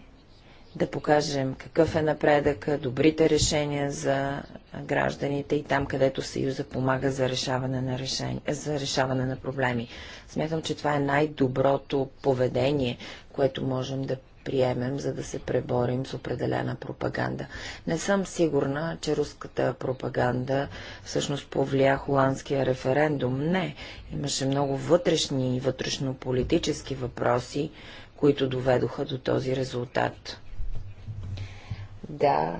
да покажем какъв е напредък, добрите решения за гражданите и там, където Съюза помага за решаване на, решение, за решаване на проблеми. Смятам, че това е най-доброто поведение, което можем да предприемем, за да се преборим с определена пропаганда. Не съм сигурна, че руската пропаганда всъщност повлия холандския референдум. Не. Имаше много вътрешни и вътрешно-политически въпроси, които доведоха до този резултат. Да,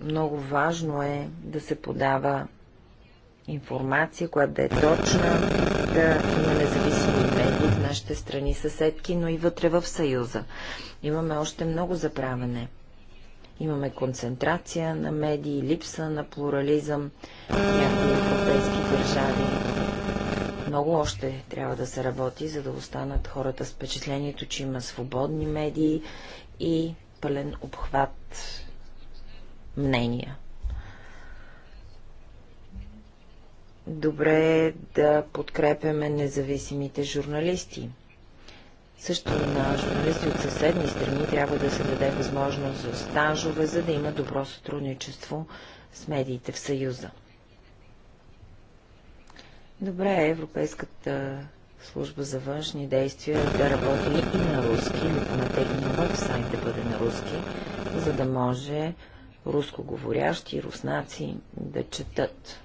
много важно е да се подава информация, която да е точна, да има независими нашите страни съседки, но и вътре в Съюза. Имаме още много заправене. Имаме концентрация на медии, липса на плурализъм в някои европейски държави. Много още трябва да се работи, за да останат хората с впечатлението, че има свободни медии и пълен обхват мнения. добре е да подкрепяме независимите журналисти. Също на журналисти от съседни страни трябва да се даде възможност за стажове, за да има добро сътрудничество с медиите в Съюза. Добре е Европейската служба за външни действия да работи и на руски, или на техния вебсайт да бъде на руски, за да може рускоговорящи руснаци да четат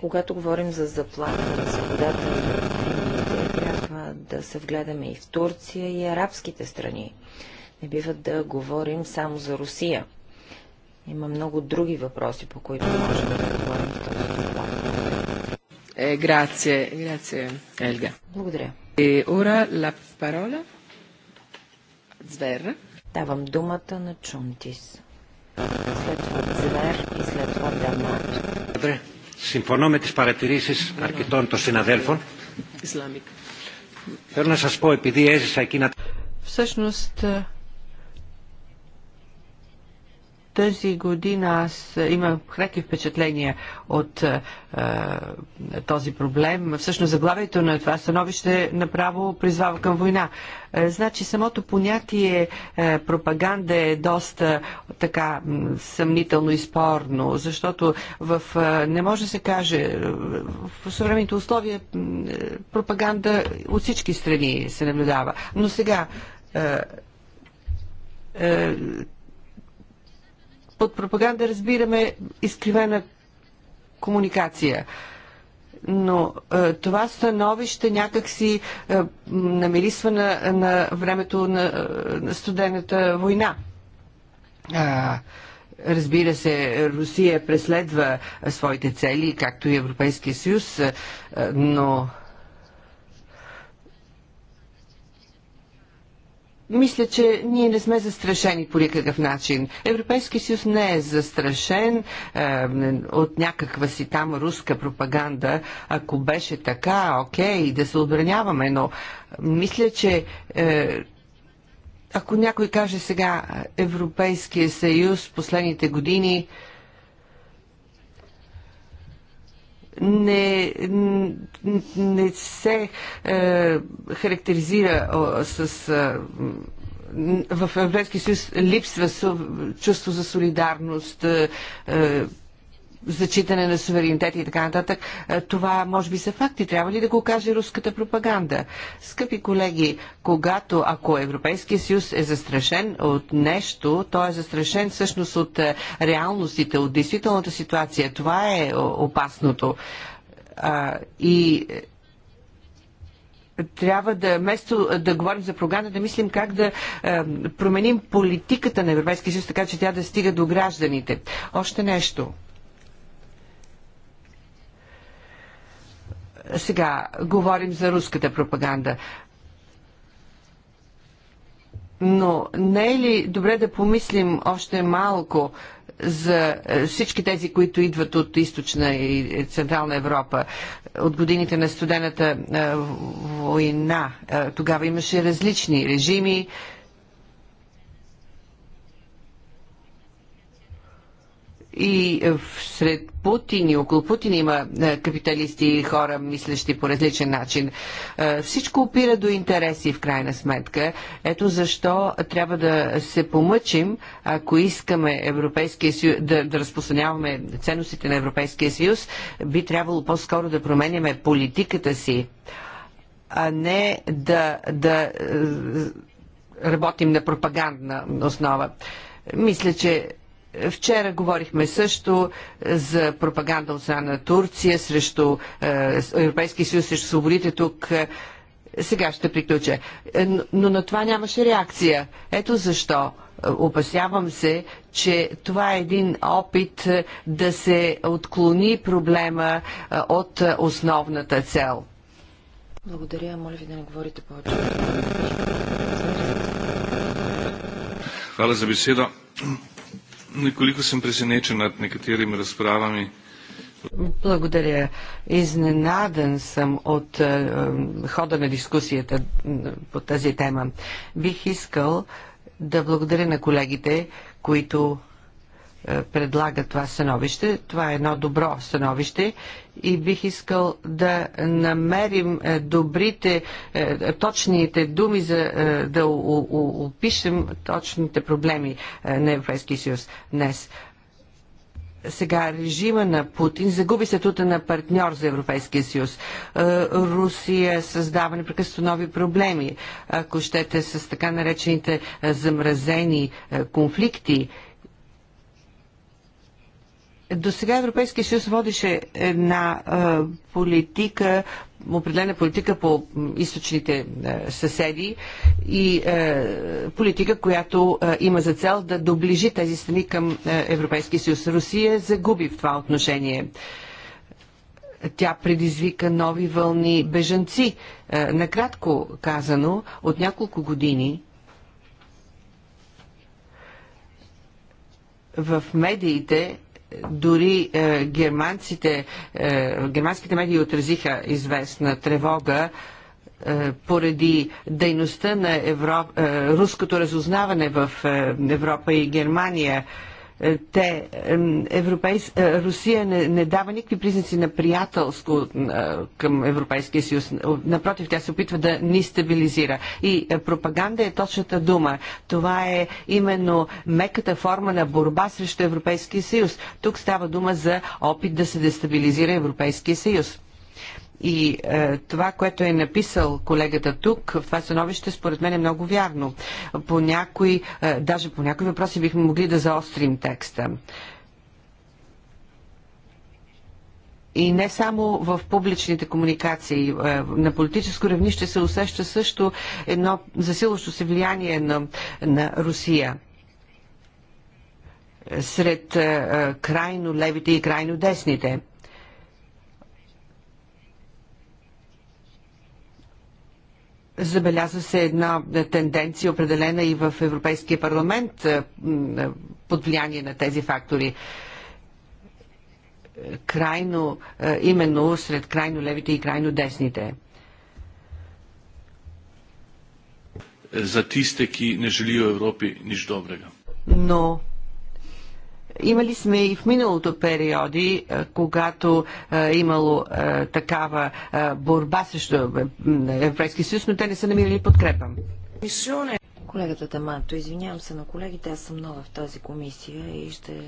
Когато говорим за заплата на свободата на трябва да се вгледаме и в Турция и арабските страни. Не бива да говорим само за Русия. Има много други въпроси, по които можем да говорим в този доклад. Е, грация, грация, Елга. Благодаря. И е, ура, ла парола. Звер. Давам думата на Чунтис. След това Звер и след това Дамат. Добре. Συμφωνώ με τις παρατηρήσεις αρκετών των συναδέλφων. Θέλω να σας πω, επειδή έζησα εκείνα... Всъщност, тази година аз имам хреки впечатления от е, е, този проблем. Всъщност заглавието на това становище направо призвава към война. Е, значи самото понятие е, пропаганда е доста така съмнително и спорно, защото в, е, не може да се каже в съвременните условия е, пропаганда от всички страни се наблюдава. Но сега е, е под пропаганда разбираме изкривена комуникация но е, това становище някакси е, намирисва на, на времето на, е, на студената война. А, разбира се, Русия преследва своите цели, както и Европейския съюз, е, но мисля, че ние не сме застрашени по никакъв начин. Европейски съюз не е застрашен е, от някаква си там руска пропаганда. Ако беше така, окей, да се отбраняваме, но мисля, че е, ако някой каже сега Европейския съюз последните години е, не, не се е, характеризира с. Е, в Европейския съюз липсва чувство за солидарност, е, е зачитане на суверенитет и така нататък. Е, това може би са факти. Трябва ли да го каже руската пропаганда? Скъпи колеги, когато, ако Европейския съюз е застрашен от нещо, той е застрашен всъщност от е, реалностите, от действителната ситуация. Това е, е опасното. И трябва да, вместо да говорим за програма, да мислим как да е, променим политиката на Европейския съюз, така че тя да стига до гражданите. Още нещо. Сега говорим за руската пропаганда. Но не е ли добре да помислим още малко за е, всички тези, които идват от източна и централна Европа от годините на студената е, война? Е, тогава имаше различни режими, и е, сред Путин и около Путин има е, капиталисти и хора, мислещи по различен начин. Е, всичко опира до интереси в крайна сметка. Ето защо трябва да се помъчим, ако искаме Европейския съюз, да, да разпространяваме ценностите на Европейския съюз, би трябвало по-скоро да променяме политиката си, а не да, да работим на пропагандна основа. Мисля, че Вчера говорихме също за пропаганда от страна на Турция срещу е, Европейския съюз, срещу свободите тук. Сега ще приключа. Е, но, на това нямаше реакция. Ето защо е, опасявам се, че това е един опит е, да се отклони проблема от основната цел. Благодаря. Моля ви да не говорите повече. Хвала за беседа. Nekoliko sem presenečen nad nekaterimi razpravami. Благодаря. Изненадан съм от е, хода на дискусията по тази тема. Бих искал да благодаря на колегите, които е, предлага това становище. Това е едно добро становище и бих искал да намерим е, добрите, е, точните думи, за да опишем точните проблеми на Европейския съюз днес сега режима на Путин загуби статута на партньор за Европейския съюз. Русия създава непрекъснато нови проблеми, ако щете с така наречените замразени конфликти до сега Европейския съюз водеше една политика, определена политика по източните съседи и политика, която има за цел да доближи тези страни към Европейския съюз. Русия загуби в това отношение. Тя предизвика нови вълни бежанци. накратко казано, от няколко години в медиите дори е, германците, е, германските медии отразиха известна тревога е, поради дейността на Европ... Е, руското разузнаване в е, Европа и Германия. Е, те, е, Европейс... Е, Русия не, не дава никакви признаци на приятелско към Европейския съюз. Напротив, тя се опитва да ни стабилизира. И пропаганда е точната дума. Това е именно меката форма на борба срещу Европейския съюз. Тук става дума за опит да се дестабилизира Европейския съюз. И е, това, което е написал колегата тук, в това становище, според мен е много вярно. По някои, е, даже по някои въпроси бихме могли да заострим текста. И не само в публичните комуникации, е, на политическо равнище се усеща също едно засилващо се влияние на, на Русия сред е, е, крайно левите и крайно десните. Забелязва се една тенденция, определена и в Европейския парламент е, под влияние на тези фактори крайно, е, именно сред крайно левите и крайно десните. За тисте, ки не желио Европи ниш добрега. Но Имали сме и в миналото периоди, е, когато е имало е, такава е, борба срещу Европейския съюз, но те не са намирали подкрепа. Колегата Тамато, извинявам се на колегите, аз съм нова в тази комисия и ще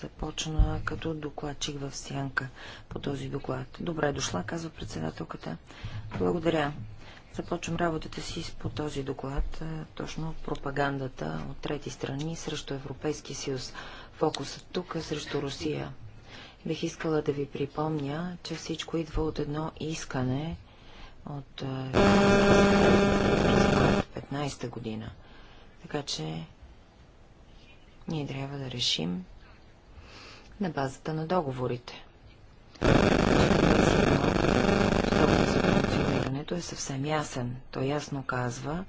започна като докладчик в Сянка по този доклад. Добре дошла, казва председателката. Благодаря. Започвам работата си по този доклад, точно пропагандата от трети страни срещу Европейския съюз фокусът тук срещу Русия. Бих искала да ви припомня, че всичко идва от едно искане от 15-та е, година. Така че ние трябва да решим на базата на договорите. Договорът за функционирането е съвсем ясен. Той ясно казва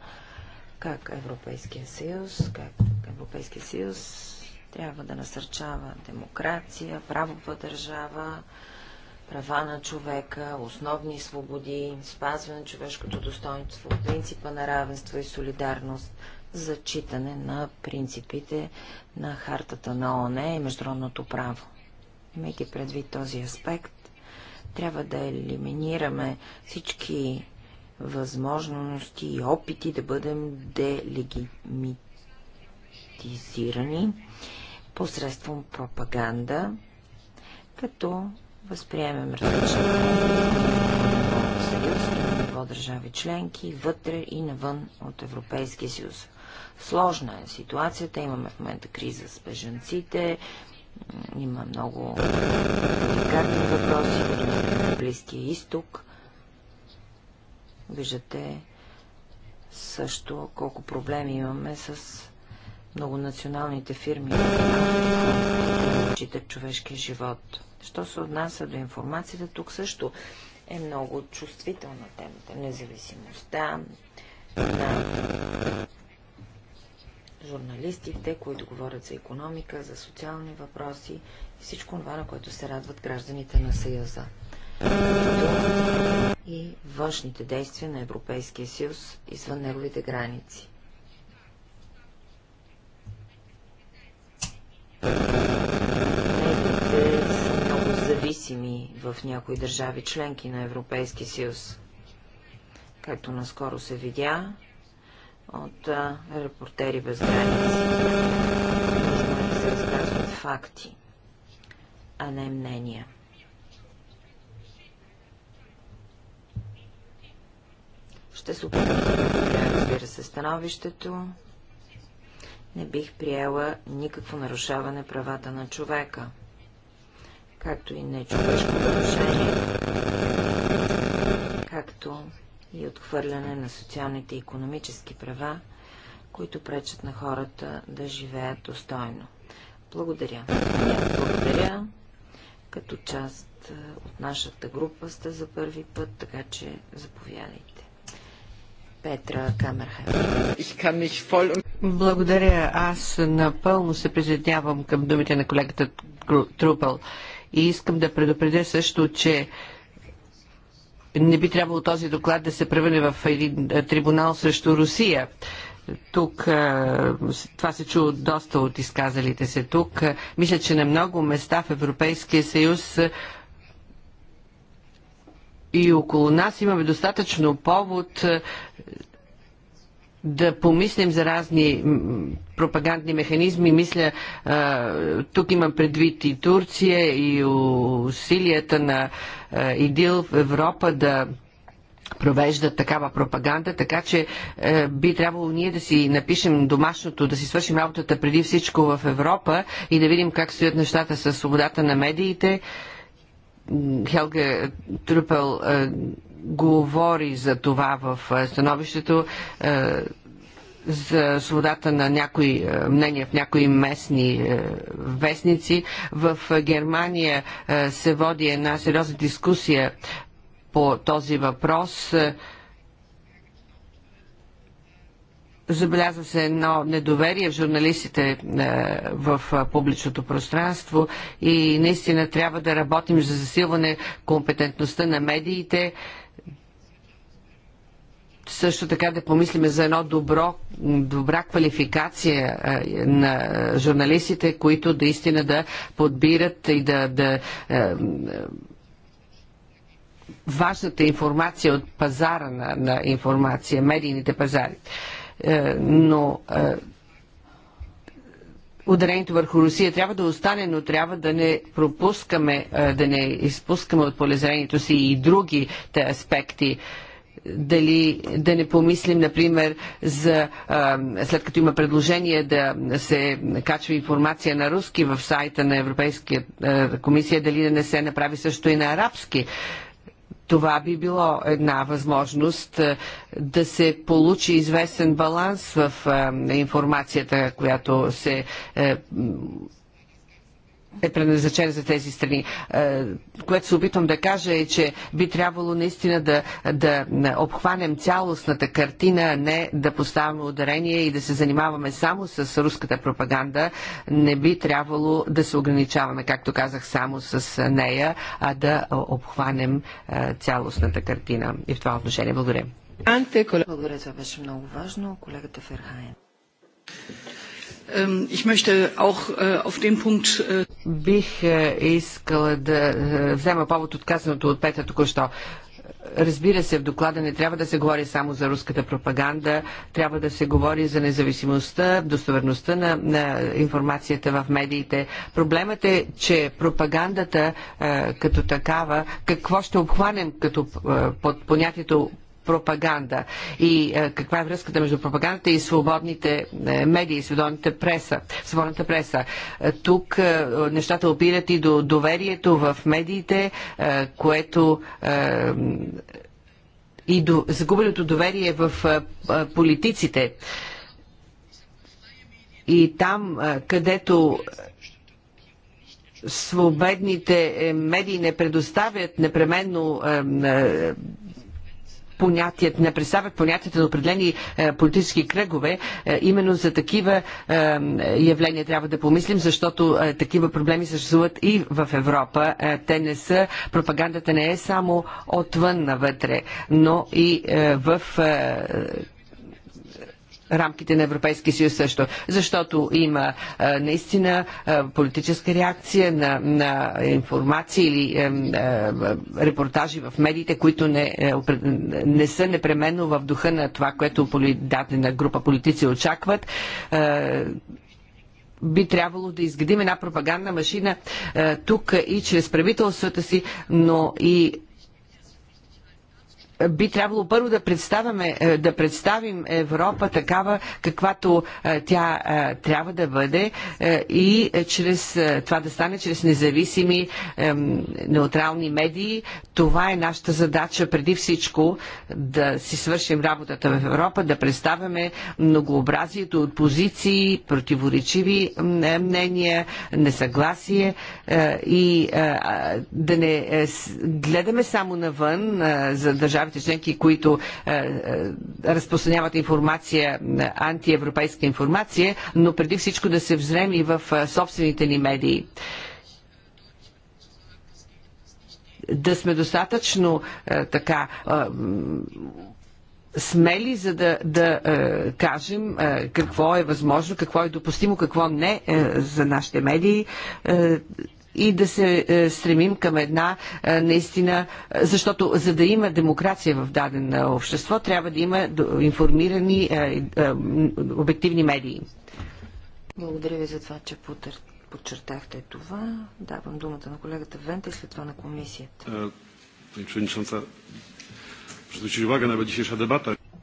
как Европейския съюз, как Европейския съюз трябва да насърчава демокрация, правова държава, права на човека, основни свободи, спазване на човешкото достоинство, принципа на равенство и солидарност, зачитане на принципите на хартата на ООН и международното право. Имайки предвид този аспект, трябва да елиминираме всички възможности и опити да бъдем делегимитизирани посредством пропаганда, като възприемем различни съюз, на ниво държави членки, вътре и навън от Европейския съюз. Сложна е ситуацията, имаме в момента криза с бежанците, има много деликатни въпроси, на Близкия изток. Виждате също колко проблеми имаме с многонационалните фирми отчитат човешкия живот. Що се отнася до информацията, тук също е много чувствителна темата. Независимостта на журналистите, които говорят за економика, за социални въпроси и всичко това, на което се радват гражданите на Съюза. И външните действия на Европейския съюз извън неговите граници. Медиите са много зависими в някои държави членки на Европейски съюз. Както наскоро се видя от а, репортери без граници. Нужно е да се разказват факти, а не мнения. Ще се опитам да разбира се становището не бих приела никакво нарушаване правата на човека, както и нечовешко нарушение, както и отхвърляне на социалните и економически права, които пречат на хората да живеят достойно. Благодаря. Благодаря. Като част от нашата група сте за първи път, така че заповядайте. Петра Камерхайм. Е, Благодаря. Аз напълно се присъединявам към думите на колегата Трупъл. И искам да предупредя също, че не би трябвало този доклад да се превърне в един е, трибунал срещу Русия. Тук е, това се чу доста от изказалите се тук. Мисля, че на много места в Европейския съюз и около нас имаме достатъчно повод е, да помислим за разни пропагандни механизми. Мисля, е, тук имам предвид и Турция, и усилията на е, ИДИЛ в Европа да провеждат такава пропаганда, така че е, би трябвало ние да си напишем домашното, да си свършим работата преди всичко в Европа и да видим как стоят нещата с свободата на медиите. Е, Хелга Трупел е, говори за това в е, становището е, за свободата на някои мнения в някои местни вестници. В Германия се води една сериозна дискусия по този въпрос. Забелязва се едно недоверие в журналистите е, в е, публичното пространство и наистина трябва да работим за засилване компетентността на медиите. Също така да помислиме за едно добро, добра квалификация е, на журналистите, които наистина да подбират и да, да важната информация от пазара на, на информация, медийните пазари. Е, но е, ударението върху Русия трябва да остане, но трябва да не пропускаме, е, да не изпускаме от полезрението си и другите аспекти дали да не помислим, например, за след като има предложение да се качва информация на руски в сайта на Европейския комисия, дали да не се направи също и на арабски. Това би било една възможност е, да се получи известен баланс в е, информацията, която се е, е предназначен за тези страни. Е, което се опитвам да кажа е, че би трябвало наистина да, да обхванем цялостната картина, а не да поставяме ударение и да се занимаваме само с руската пропаганда. Не би трябвало да се ограничаваме, както казах, само с нея, а да обхванем е, цялостната картина. И в това отношение благодаря. Благодаря, това беше много важно. Колегата Ферхайен. Ähm, ich möchte auch äh, auf den Punkt... Äh, Бих е, искала да е, взема повод от казаното от Петър току-що. Разбира се, в доклада не трябва да се говори само за руската пропаганда, трябва да се говори за независимостта, достоверността на, на информацията в медиите. Проблемът е, че пропагандата е, като такава, какво ще обхванем като е, под понятието пропаганда и е, каква е връзката между пропагандата и свободните е, медии, свободната преса. Свободната преса. Е, тук нещата опират и до доверието в медиите, което и до загубеното доверие в политиците. И там, където свободните медии не предоставят непременно не представят понятията на определени е, политически кръгове. Е, именно за такива е, явления трябва да помислим, защото такива проблеми съществуват и в Европа. Те не са, пропагандата не е само отвън навътре, но и в рамките на Европейския съюз също, защото има а, наистина а, политическа реакция на, на информация или а, а, репортажи в медиите, които не, а, е, не са непременно в духа на това, което дадена група политици очакват. А, би трябвало да изградим една пропагандна машина а, тук и чрез правителствата си, но и би трябвало първо да, представяме, е, да представим Европа такава, каквато е, тя е, трябва да бъде и чрез, това да стане чрез независими неутрални медии. Това е нашата задача преди всичко да си свършим работата в Европа, да представяме многообразието от позиции, противоречиви мнения, несъгласие и да не гледаме само навън за държавите държавите членки, които е, е, разпространяват информация, антиевропейска информация, но преди всичко да се взрем и в е, собствените ни медии да сме достатъчно е, така е, смели, за да, да е, кажем е, какво е възможно, какво е допустимо, какво не е, за нашите медии. Е, и да се е, стремим към една е, наистина, е, защото за да има демокрация в дадено общество, трябва да има информирани обективни медии. Благодаря ви за това, че подчертахте това. Давам думата на колегата Вента и след това на комисията.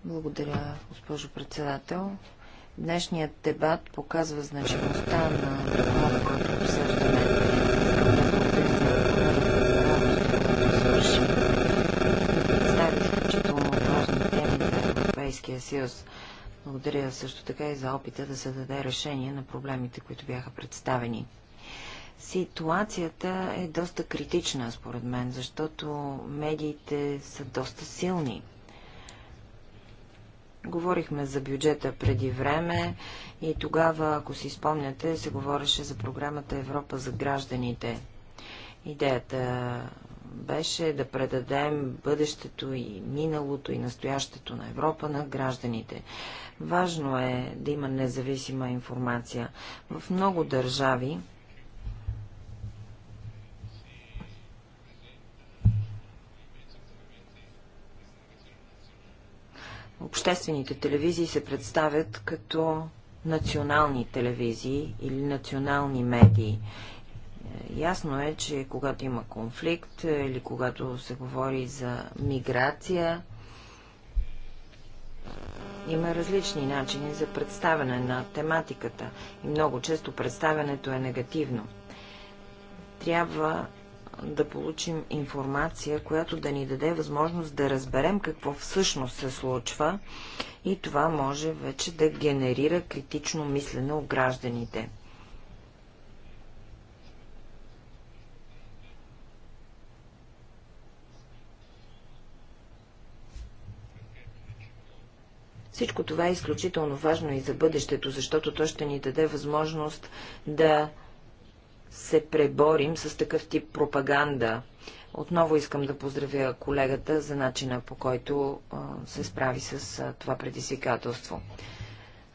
Благодаря, госпожо председател. Днешният дебат показва значимостта на това, което обсъждаме съюз. Благодаря също така и за опита да се даде решение на проблемите, които бяха представени. Ситуацията е доста критична, според мен, защото медиите са доста силни. Говорихме за бюджета преди време и тогава, ако си спомняте, се говореше за програмата Европа за гражданите. Идеята беше да предадем бъдещето и миналото и настоящето на Европа на гражданите. Важно е да има независима информация. В много държави обществените телевизии се представят като национални телевизии или национални медии. Ясно е, че когато има конфликт е, или когато се говори за миграция, е, има различни начини за представяне на тематиката и много често представянето е негативно. Трябва да получим информация, която да ни даде възможност да разберем какво всъщност се случва и това може вече да генерира критично мислене у гражданите. Всичко това е изключително важно и за бъдещето, защото то ще ни даде възможност да се преборим с такъв тип пропаганда. Отново искам да поздравя колегата за начина по който се справи с това предизвикателство.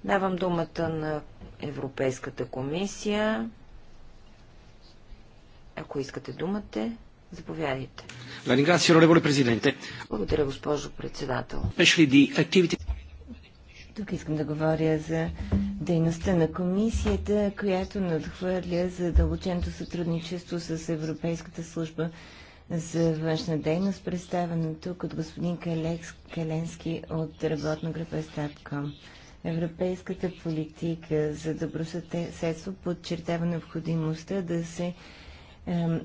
Давам думата на Европейската комисия. Ако искате думата, заповядайте. Благодаря, госпожо председател. Тук искам да говоря за дейността на комисията, която надхвърля задълбоченото сътрудничество с Европейската служба за външна дейност, представена тук от господин Калекс, Каленски от работна група Стапком. Европейската политика за добросъседство подчертава необходимостта да се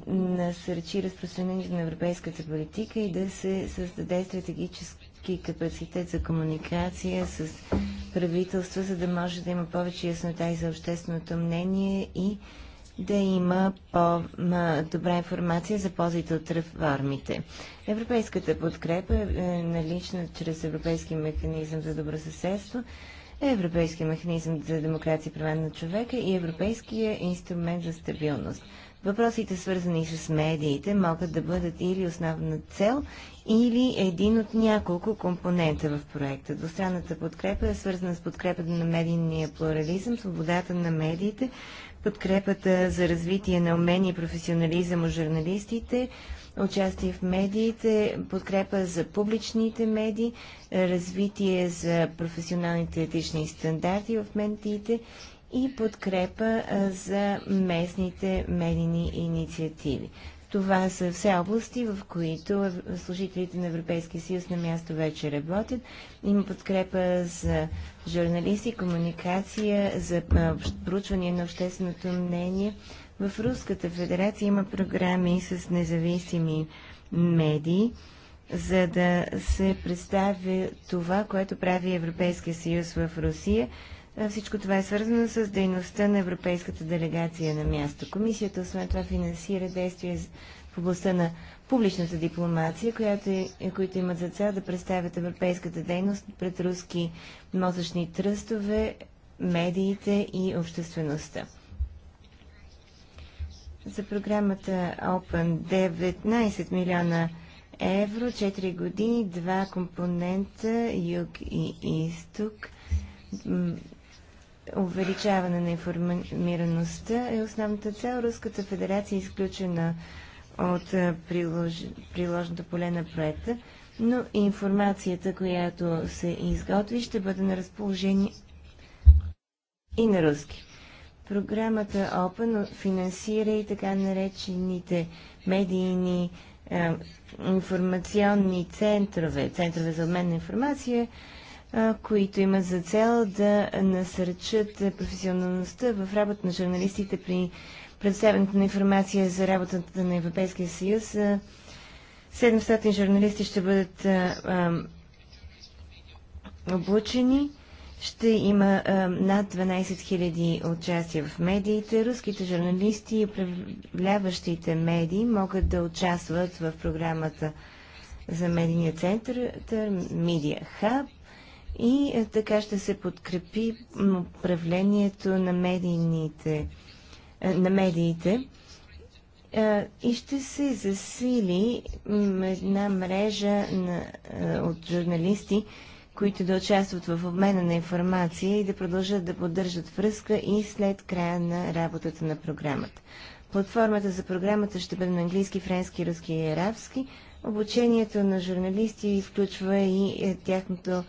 насърчи разпространението на европейската политика и да се създаде стратегическа европейски капацитет за комуникация с правителства, за да може да има повече яснота и за общественото мнение и да има по-добра информация за ползите от реформите. Европейската подкрепа е налична чрез Европейски механизъм за добро съседство, е Европейския механизъм за демокрация и права на човека и Европейския инструмент за стабилност. Въпросите, свързани с медиите, могат да бъдат или основна цел, или един от няколко компонента в проекта. Двустранната подкрепа е свързана с подкрепата на медийния плурализъм, свободата на медиите, подкрепата за развитие на умения и професионализъм у журналистите, участие в медиите, подкрепа за публичните медии, развитие за професионалните етични стандарти в медиите и подкрепа за местните медийни инициативи. Това са все области, в които служителите на Европейския съюз на място вече работят. Има подкрепа за журналисти, комуникация, за проучване на общественото мнение. В Руската федерация има програми с независими медии, за да се представи това, което прави Европейския съюз в Русия е, всичко това е свързано с дейността на Европейската делегация на място. Комисията освен това финансира действия в областта на публичната дипломация, която е, които имат за цел да представят европейската дейност пред руски мозъчни тръстове, медиите и обществеността. За програмата Open 19 милиона евро, 4 години, два компонента, юг и изток – увеличаване на информираността е основната цел. Руската федерация е изключена от прилож... приложното поле на проекта, но информацията, която се изготви, ще бъде на разположение и на руски. Програмата Open финансира и така наречените медийни е, информационни центрове, центрове за обмен на информация, които имат за цел да насърчат професионалността в работа на журналистите при представянето на информация за работата на Европейския съюз. 700 журналисти ще бъдат обучени. Ще има а, над 12 000 участия в медиите. Руските журналисти и управляващите медии могат да участват в програмата за медийния център Media Hub и е, така ще се подкрепи управлението на медийните, е, на медиите е, и ще се засили една мрежа на, от журналисти, които да участват в обмена на информация и да продължат да поддържат връзка и след края на работата на програмата. Платформата за програмата ще бъде на английски, френски, руски и арабски. Обучението на журналисти включва и тяхното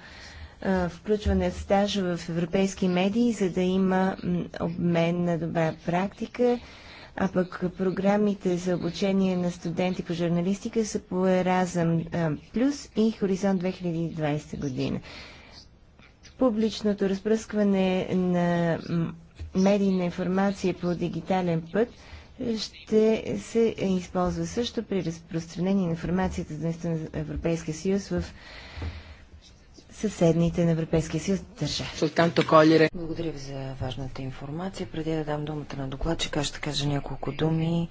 включване в стаж в европейски медии, за да има обмен на добра практика, а пък програмите за обучение на студенти по журналистика са по Еразъм Плюс и Хоризонт 2020 година. Публичното разпръскване на медийна информация по дигитален път ще се използва също при разпространение на информацията за Европейския съюз в съседните на Европейския съюз държави. Благодаря ви за важната информация. Преди да дам думата на докладчика, ще кажа няколко думи.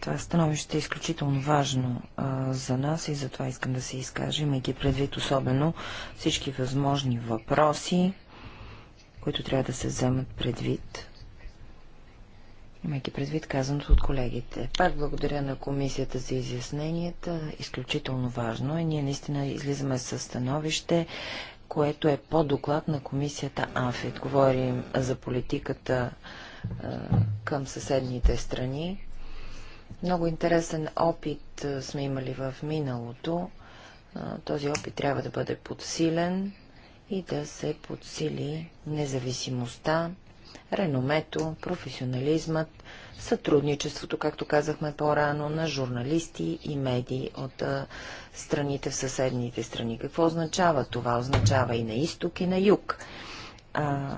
Това становище е изключително важно за нас и затова искам да се изкажа, имайки предвид особено всички възможни въпроси, които трябва да се вземат предвид Имайки предвид казаното от колегите. Пак благодаря на комисията за изясненията. Изключително важно е. Ние наистина излизаме с становище, което е по доклад на комисията АФИД. Говорим за политиката а, към съседните страни. Много интересен опит сме имали в миналото. Този опит трябва да бъде подсилен и да се подсили независимостта реномето, професионализмът, сътрудничеството, както казахме по-рано, на журналисти и медии от а, страните в съседните страни. Какво означава това? Означава и на изток, и на юг. А,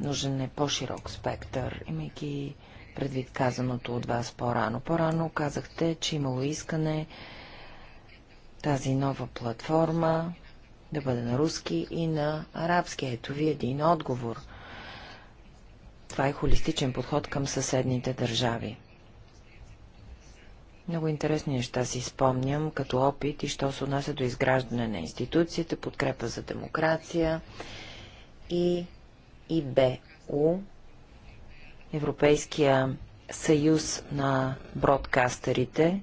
нужен е по-широк спектър, имайки предвид казаното от вас по-рано. По-рано казахте, че имало искане тази нова платформа да бъде на руски и на арабски. Ето ви един отговор – това е холистичен подход към съседните държави. Много интересни неща си спомням, като опит и що се отнася до изграждане на институциите, подкрепа за демокрация и ИБУ, Европейския съюз на бродкастерите.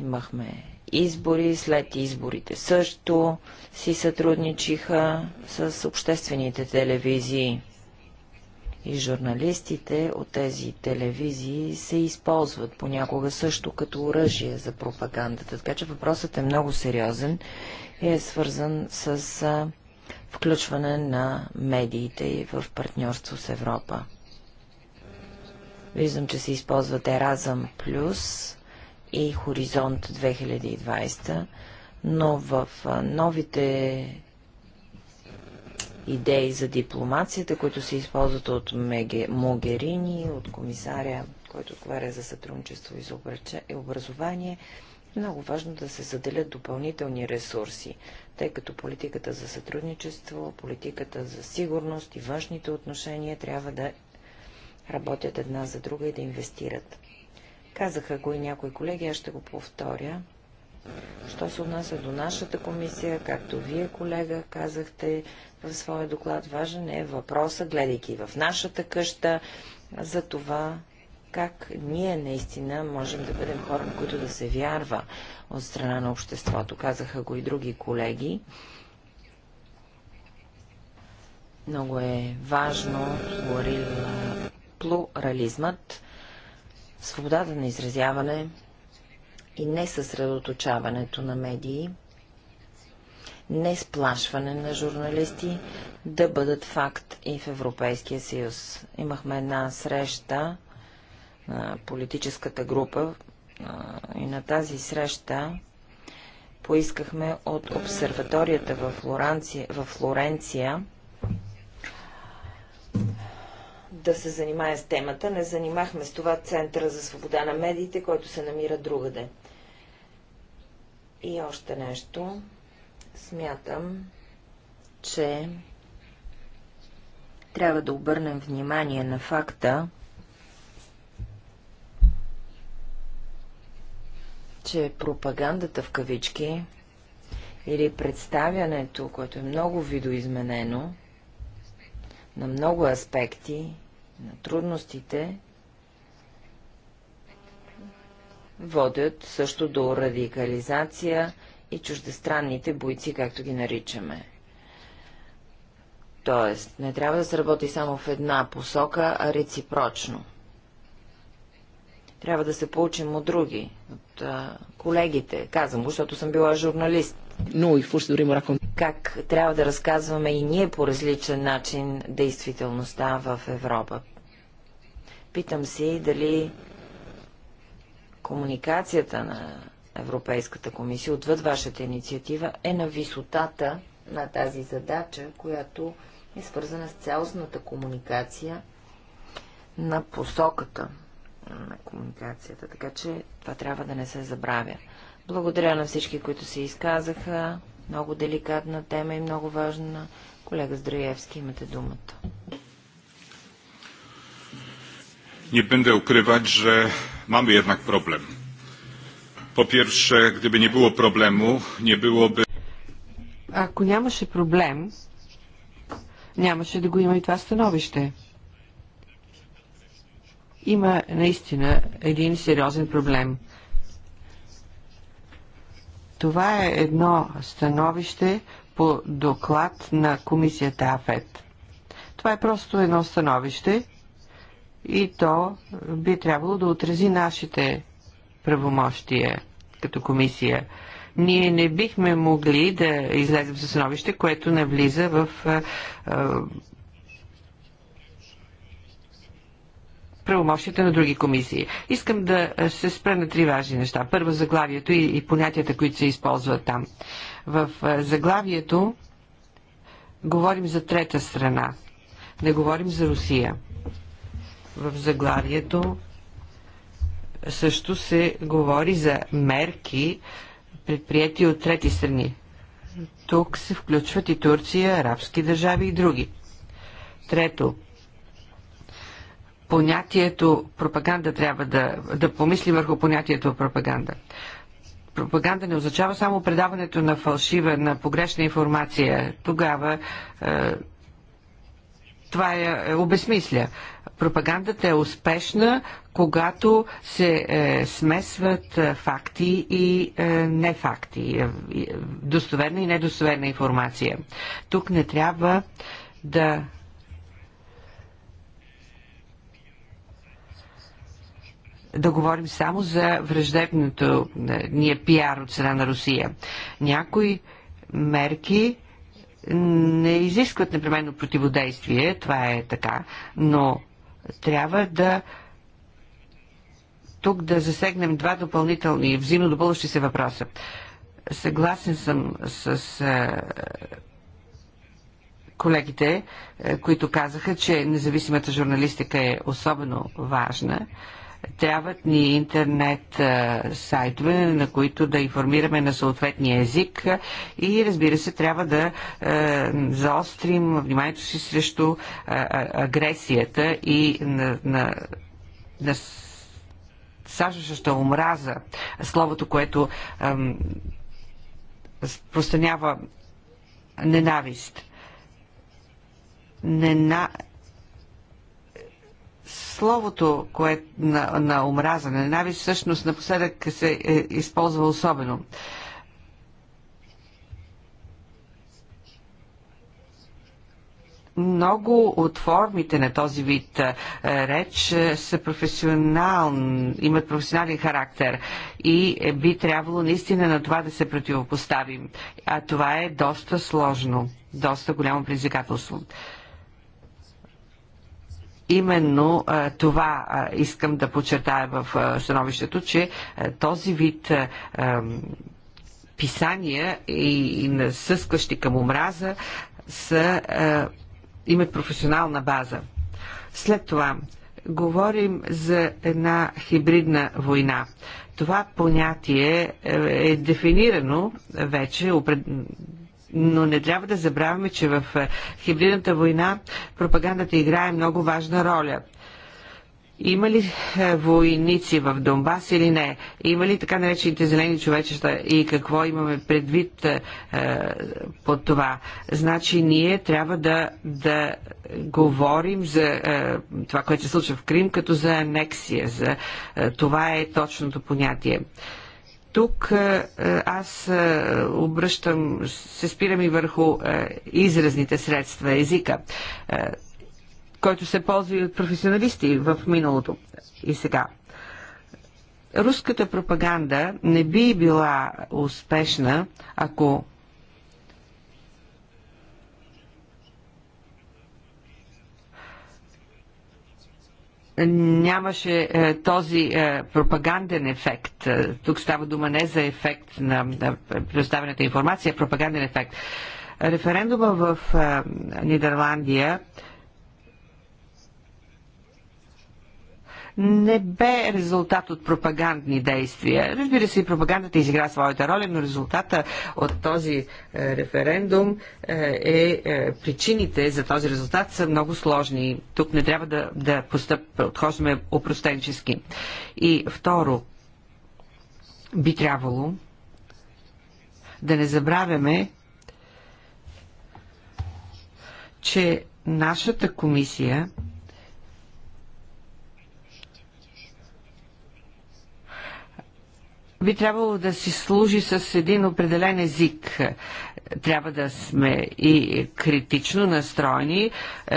Имахме избори, след изборите също си сътрудничиха с обществените телевизии. И журналистите от тези телевизии се използват понякога също като оръжие за пропагандата. Така че въпросът е много сериозен и е свързан с включване на медиите и в партньорство с Европа. Виждам, че се използват Еразъм Плюс и Хоризонт 2020, но в новите идеи за дипломацията, които се използват от Меге, Могерини, от комисаря, който отговаря за сътрудничество и за образование, е много важно да се заделят допълнителни ресурси, тъй като политиката за сътрудничество, политиката за сигурност и външните отношения трябва да работят една за друга и да инвестират. Казаха го и някои колеги, аз ще го повторя. Що се отнася до нашата комисия, както вие, колега, казахте в своя доклад, важен е въпроса, гледайки в нашата къща, за това как ние наистина можем да бъдем хора, на които да се вярва от страна на обществото. Казаха го и други колеги. Много е важно, говорил плурализмът, свободата на изразяване и не съсредоточаването на медии, не сплашване на журналисти да бъдат факт и в Европейския съюз. Имахме една среща на политическата група и на тази среща поискахме от обсерваторията в Флоренция, в Флоренция да се занимая с темата. Не занимахме с това Центъра за свобода на медиите, който се намира другаде. И още нещо. Смятам, че трябва да обърнем внимание на факта, че пропагандата в кавички или представянето, което е много видоизменено, на много аспекти, на трудностите водят също до радикализация и чуждестранните бойци, както ги наричаме. Тоест, не трябва да се работи само в една посока, а реципрочно. Трябва да се получим от други, от а, колегите. Казвам го, защото съм била журналист. Но и фурс дори ракон. Как трябва да разказваме и ние по различен начин действителността в Европа. Питам се дали комуникацията на Европейската комисия отвъд вашата инициатива е на висотата на тази задача, която е свързана с цялостната комуникация на посоката на комуникацията. Така че това трябва да не се забравя. Благодаря на всички, които се изказаха. Много деликатна тема и много важна. Колега Здраевски, имате думата. Nie będę ukrywać, że mamy jednak problem. Po pierwsze, gdyby nie było problemu, nie byłoby. Ако нямаше проблем, нямаше да го има и това становище. Има наистина един сериозен проблем. Това е едно становище по доклад на комисията АФЕД. Това е просто едно становище, и то би трябвало да отрази нашите правомощия като комисия. Ние не бихме могли да излезем със становище, което навлиза в правомощията на други комисии. Искам да се спра на три важни неща. Първо заглавието и, и понятията, които се използват там. В а, заглавието говорим за трета страна. Не говорим за Русия в заглавието също се говори за мерки, предприяти от трети страни. Тук се включват и Турция, арабски държави и други. Трето, понятието пропаганда трябва да, да помисли върху понятието пропаганда. Пропаганда не означава само предаването на фалшива, на погрешна информация. Тогава е, това е. е обезмисля. Пропагандата е успешна, когато се е, смесват е, факти и е, нефакти, е, е, достоверна и недостоверна информация. Тук не трябва да да говорим само за враждебното е, ние пиар от страна на Русия. Някои мерки не изискват непременно противодействие, това е така, но трябва да тук да засегнем два допълнителни, и взаимно допълващи се въпроса. Съгласен съм с а, колегите, които казаха, че независимата журналистика е особено важна. А, Трябват ни интернет сайтове, на които да информираме на съответния език и разбира се, трябва да заострим вниманието си срещу агресията и на, на, на сажащата омраза, словото, което ем, разпространява ненавист. Нена словото кое, на, на омраза, на ненавист, всъщност напоследък се е, използва особено. много от формите на този вид е, реч е, са професионал, имат професионален характер и е, би трябвало наистина на това да се противопоставим. А това е доста сложно, доста голямо предизвикателство. Именно това искам да подчертая в становището, че този вид писания и, и насъскващи към омраза са, имат професионална база. След това говорим за една хибридна война. Това понятие е, е дефинирано вече но не трябва да забравяме, че в е, хибридната война пропагандата играе много важна роля. Има ли е, войници в Донбас или не? Има ли така наречените зелени човечества и какво имаме предвид е, е, под това? Значи ние трябва да, да говорим за е, това, което се случва в Крим, като за анексия. За, е, това е точното понятие. Е, тук е, е, аз е, обръщам, се спирам и върху изразните средства, езика, който се ползва и от професионалисти в миналото и сега. Руската пропаганда не би била успешна, ако нямаше е, този е, пропаганден ефект. Е, тук става дума не за ефект на, на предоставената информация, а пропаганден ефект. Референдума в е, Нидерландия е, не бе резултат от пропагандни действия. Разбира се, и пропагандата изигра своята роля, но резултата от този е, референдум е, е, е причините за този резултат са много сложни. Тук не трябва да, да постъп, подхождаме опростенчески. И второ, би трябвало да не забравяме, че нашата комисия би трябвало да си служи с един определен език. Трябва да сме и критично настроени,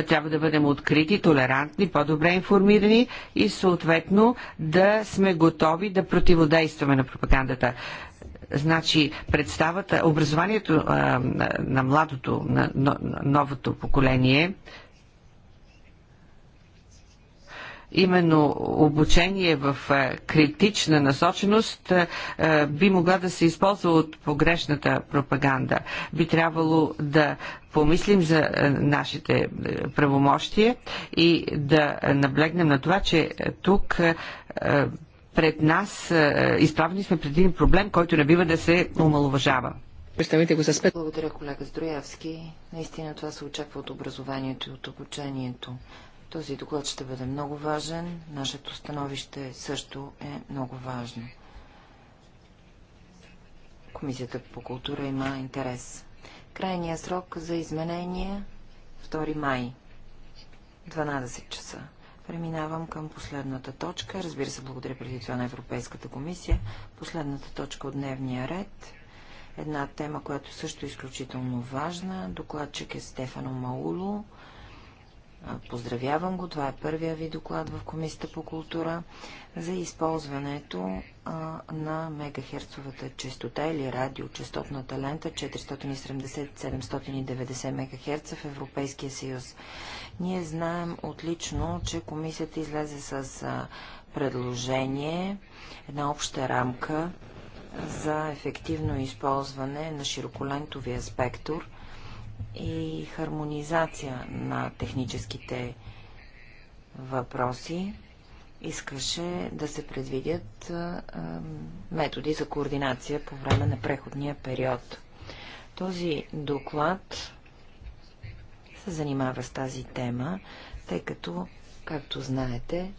трябва да бъдем открити, толерантни, по-добре информирани и съответно да сме готови да противодействаме на пропагандата. Значи представата, образованието а, на младото, на, на новото поколение, именно обучение в критична насоченост би могла да се използва от погрешната пропаганда. Би трябвало да помислим за нашите правомощия и да наблегнем на това, че тук пред нас изправени сме пред един проблем, който не бива да се омалуважава. Представете го с пет. Благодаря, колега Здроявски. Наистина това се очаква от образованието и от обучението. Този доклад ще бъде много важен. Нашето становище също е много важно. Комисията по култура има интерес. Крайният срок за изменение 2 май, 12 часа. Преминавам към последната точка. Разбира се, благодаря преди това на Европейската комисия. Последната точка от дневния ред. Една тема, която също е изключително важна. Докладчик е Стефано Мауло Поздравявам го. Това е първия ви доклад в Комисията по култура за използването на мегахерцовата частота или радиочастотната лента 470-790 МГц в Европейския съюз. Ние знаем отлично, че комисията излезе с предложение, една обща рамка за ефективно използване на широколентовия спектър и хармонизация на техническите въпроси искаше да се предвидят методи за координация по време на преходния период. Този доклад се занимава с тази тема, тъй като, както знаете,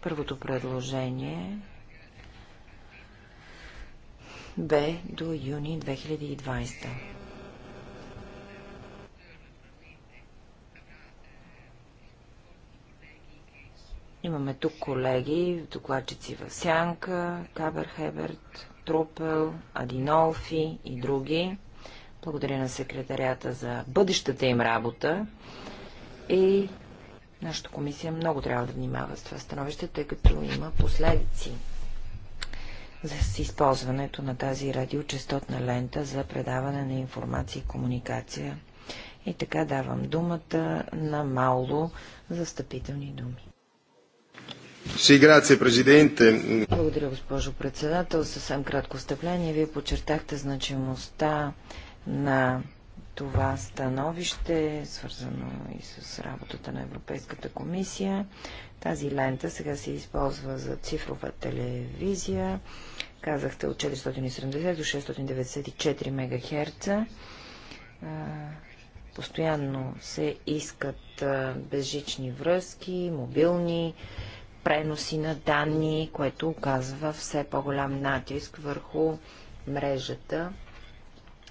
първото предложение бе до юни 2020. Имаме тук колеги, докладчици в Сянка, Кабер Хеберт, Трупел, Адинолфи и други. Благодаря на секретарията за бъдещата им работа. И нашата комисия много трябва да внимава с това становище, тъй като има последици с използването на тази радиочастотна лента за предаване на информация и комуникация. И така давам думата на Мауло за стъпителни думи. Си, грация, президенте. Благодаря, госпожо председател. Съвсем кратко встъпление. Вие подчертахте значимостта на това становище, свързано и с работата на Европейската комисия. Тази лента сега се използва за цифрова телевизия. Казахте от 470 до 694 МГц. Постоянно се искат безжични връзки, мобилни преноси на данни, което оказва все по-голям натиск върху мрежата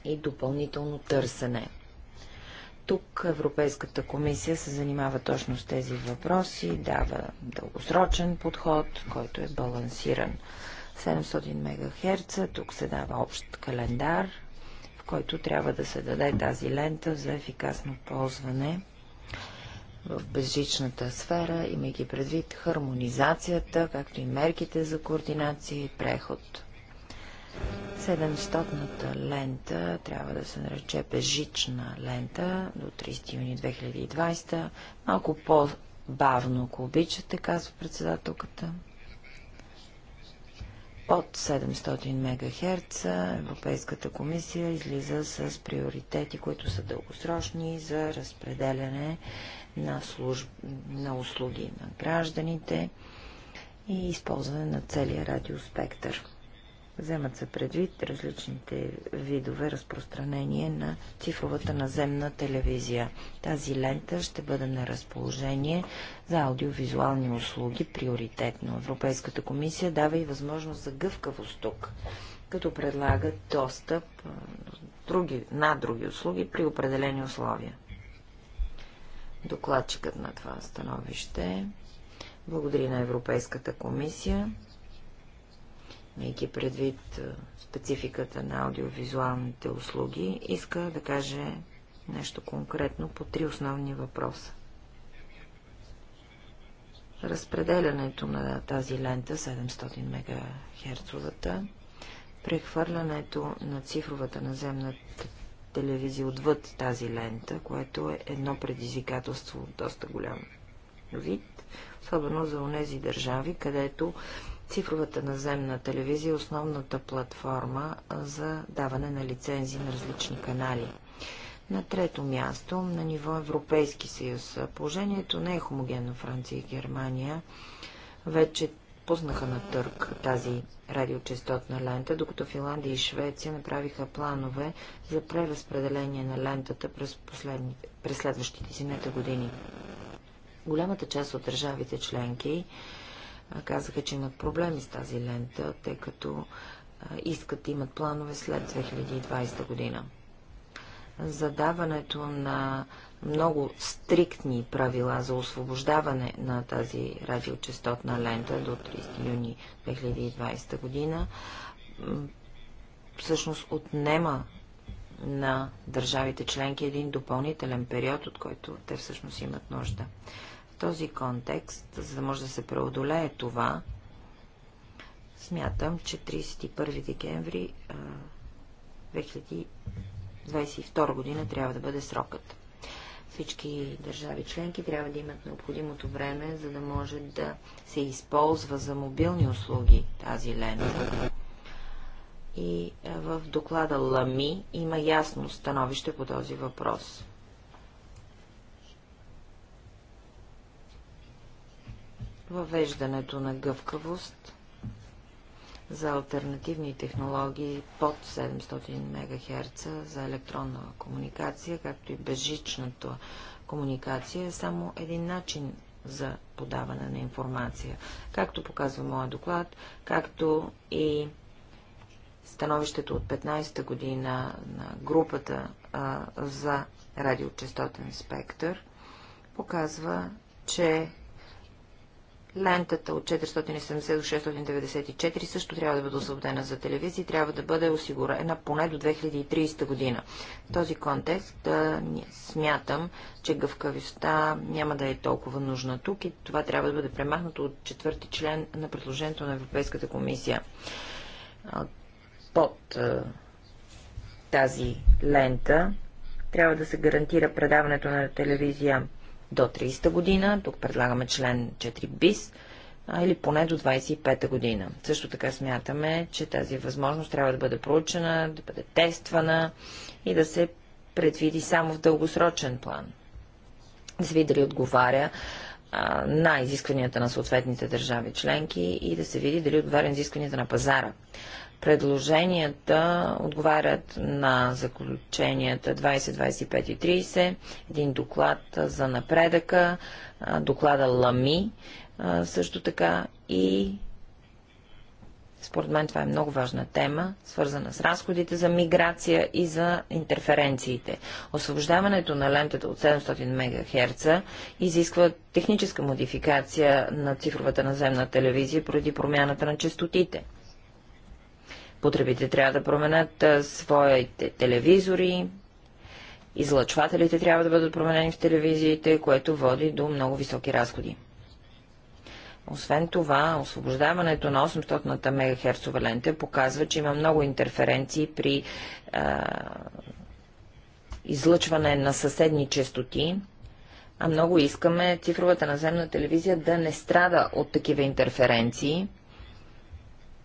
и допълнително търсене. Тук Европейската комисия се занимава точно с тези въпроси, дава дългосрочен подход, който е балансиран. 700 МГц, тук се дава общ календар, в който трябва да се даде тази лента за ефикасно ползване в безжичната сфера, имайки предвид хармонизацията, както и мерките за координация и преход. 700-та лента трябва да се нарече бежична лента до 30 юни 2020. Малко по-бавно, ако обичате, казва председателката. Под 700 МГц Европейската комисия излиза с приоритети, които са дългосрочни за разпределяне на, служб... на услуги на гражданите и използване на целия радиоспектър. Вземат се предвид различните видове разпространение на цифровата наземна телевизия. Тази лента ще бъде на разположение за аудиовизуални услуги приоритетно. Европейската комисия дава и възможност за гъвкавост тук, като предлага достъп други, на други услуги при определени условия. Докладчикът на това становище благодари на Европейската комисия имайки предвид спецификата на аудиовизуалните услуги, иска да каже нещо конкретно по три основни въпроса. Разпределянето на тази лента, 700 МГц, прехвърлянето на цифровата наземна телевизия отвъд тази лента, което е едно предизвикателство доста голям вид, особено за онези държави, където Цифровата наземна телевизия е основната платформа за даване на лицензии на различни канали. На трето място, на ниво Европейски съюз, положението не е хомогенно Франция и Германия. Вече пуснаха на търк тази радиочастотна лента, докато Финландия и Швеция направиха планове за преразпределение на лентата през, през следващите зимните години. Голямата част от държавите членки казаха, че имат проблеми с тази лента, тъй като искат да имат планове след 2020 година. Задаването на много стриктни правила за освобождаване на тази радиочастотна лента до 30 юни 2020 година всъщност отнема на държавите членки един допълнителен период, от който те всъщност имат нужда този контекст, за да може да се преодолее това, смятам, че 31 декември 2022 година трябва да бъде срокът. Всички държави членки трябва да имат необходимото време, за да може да се използва за мобилни услуги тази лента. И в доклада ЛАМИ има ясно становище по този въпрос. въвеждането на гъвкавост за альтернативни технологии под 700 МГц за електронна комуникация, както и безжичната комуникация е само един начин за подаване на информация. Както показва моят доклад, както и становището от 15-та година на групата а, за радиочастотен спектър, показва, че Лентата от 470 до 694 също трябва да бъде освободена за телевизия и трябва да бъде осигурена поне до 2030 година. В този контекст смятам, че гъвкавистта няма да е толкова нужна тук и това трябва да бъде премахнато от четвърти член на предложението на Европейската комисия. Под тази лента трябва да се гарантира предаването на телевизия до 30-та година, тук предлагаме член 4 бис, или поне до 25-та година. Също така смятаме, че тази възможност трябва да бъде проучена, да бъде тествана и да се предвиди само в дългосрочен план. Да се види дали отговаря а, на изискванията на съответните държави членки и да се види дали отговаря на изискванията на пазара. Предложенията отговарят на заключенията 20, 25 и 30, един доклад за напредъка, доклада ЛАМИ също така и според мен това е много важна тема, свързана с разходите за миграция и за интерференциите. Освобождаването на лентата от 700 МГц изисква техническа модификация на цифровата наземна телевизия поради промяната на частотите. Потребите трябва да променят своите телевизори, излъчвателите трябва да бъдат променени в телевизиите, което води до много високи разходи. Освен това, освобождаването на 800 ната МГц лента показва, че има много интерференции при а, излъчване на съседни частоти, а много искаме цифровата наземна телевизия да не страда от такива интерференции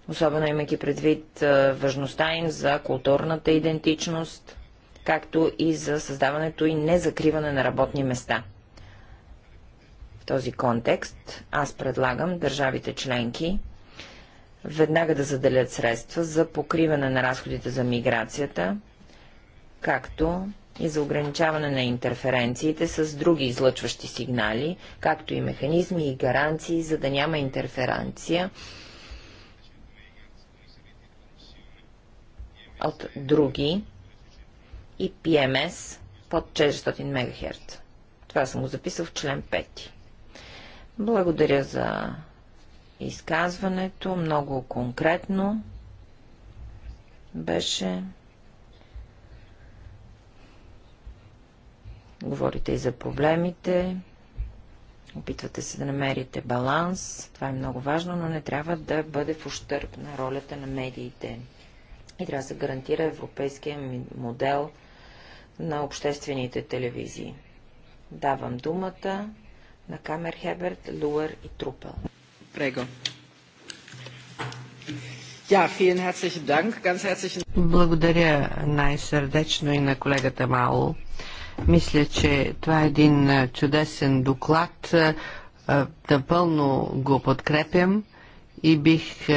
особено имайки предвид важността им за културната идентичност, както и за създаването и незакриване на работни места. В този контекст аз предлагам държавите членки веднага да заделят средства за покриване на разходите за миграцията, както и за ограничаване на интерференциите с други излъчващи сигнали, както и механизми и гаранции, за да няма интерференция от други и PMS под 400 МГц. Това съм го записал в член 5. Благодаря за изказването. Много конкретно беше. Говорите и за проблемите. Опитвате се да намерите баланс. Това е много важно, но не трябва да бъде в ущърп на ролята на медиите и трябва да се гарантира европейския модел на обществените телевизии. Давам думата на Камер Хеберт, Луър и Трупел. Прего. Благодаря най-сърдечно и на колегата Мао. Мисля, че това е един чудесен доклад. Напълно го подкрепям и бих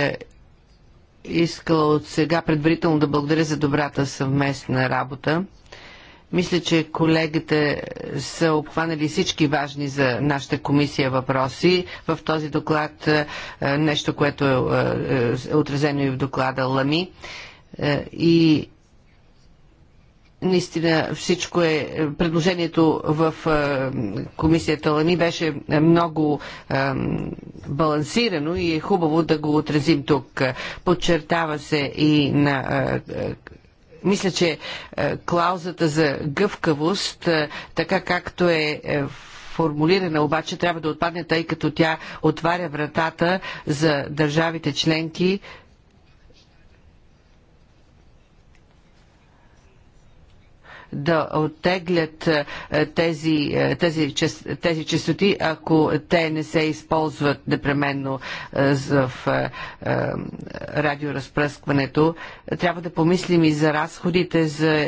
искала от сега предварително да благодаря за добрата съвместна работа. Мисля, че колегите са обхванали всички важни за нашата комисия въпроси. В този доклад е, е, нещо, което е, е отразено и в доклада Лами. И Наистина всичко е, е предложението в е, комисията Лани беше много е, балансирано и е хубаво да го отразим тук. Подчертава се и на мисля, че клаузата за гъвкавост, така както е формулирана, обаче трябва да отпадне, тъй като тя отваря вратата за държавите членки да оттеглят е, тези, е, тези, тези частоти, ако те не се използват непременно е, в радиоразпръскването. Трябва да помислим и за разходите за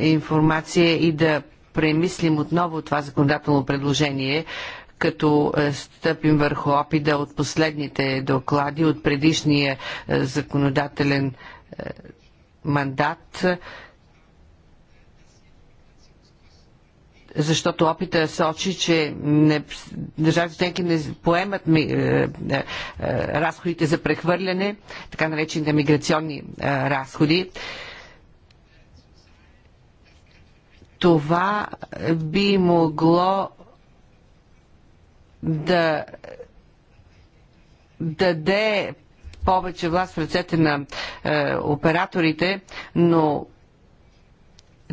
информация и да премислим отново това законодателно предложение, като стъпим върху опита от последните доклади от предишния законодателен мандат защото опита сочи, че държавите членки не поемат ми, е, е, е, разходите за прехвърляне, така наречените миграционни е, разходи. Това би могло да даде повече власт в ръцете на е, операторите, но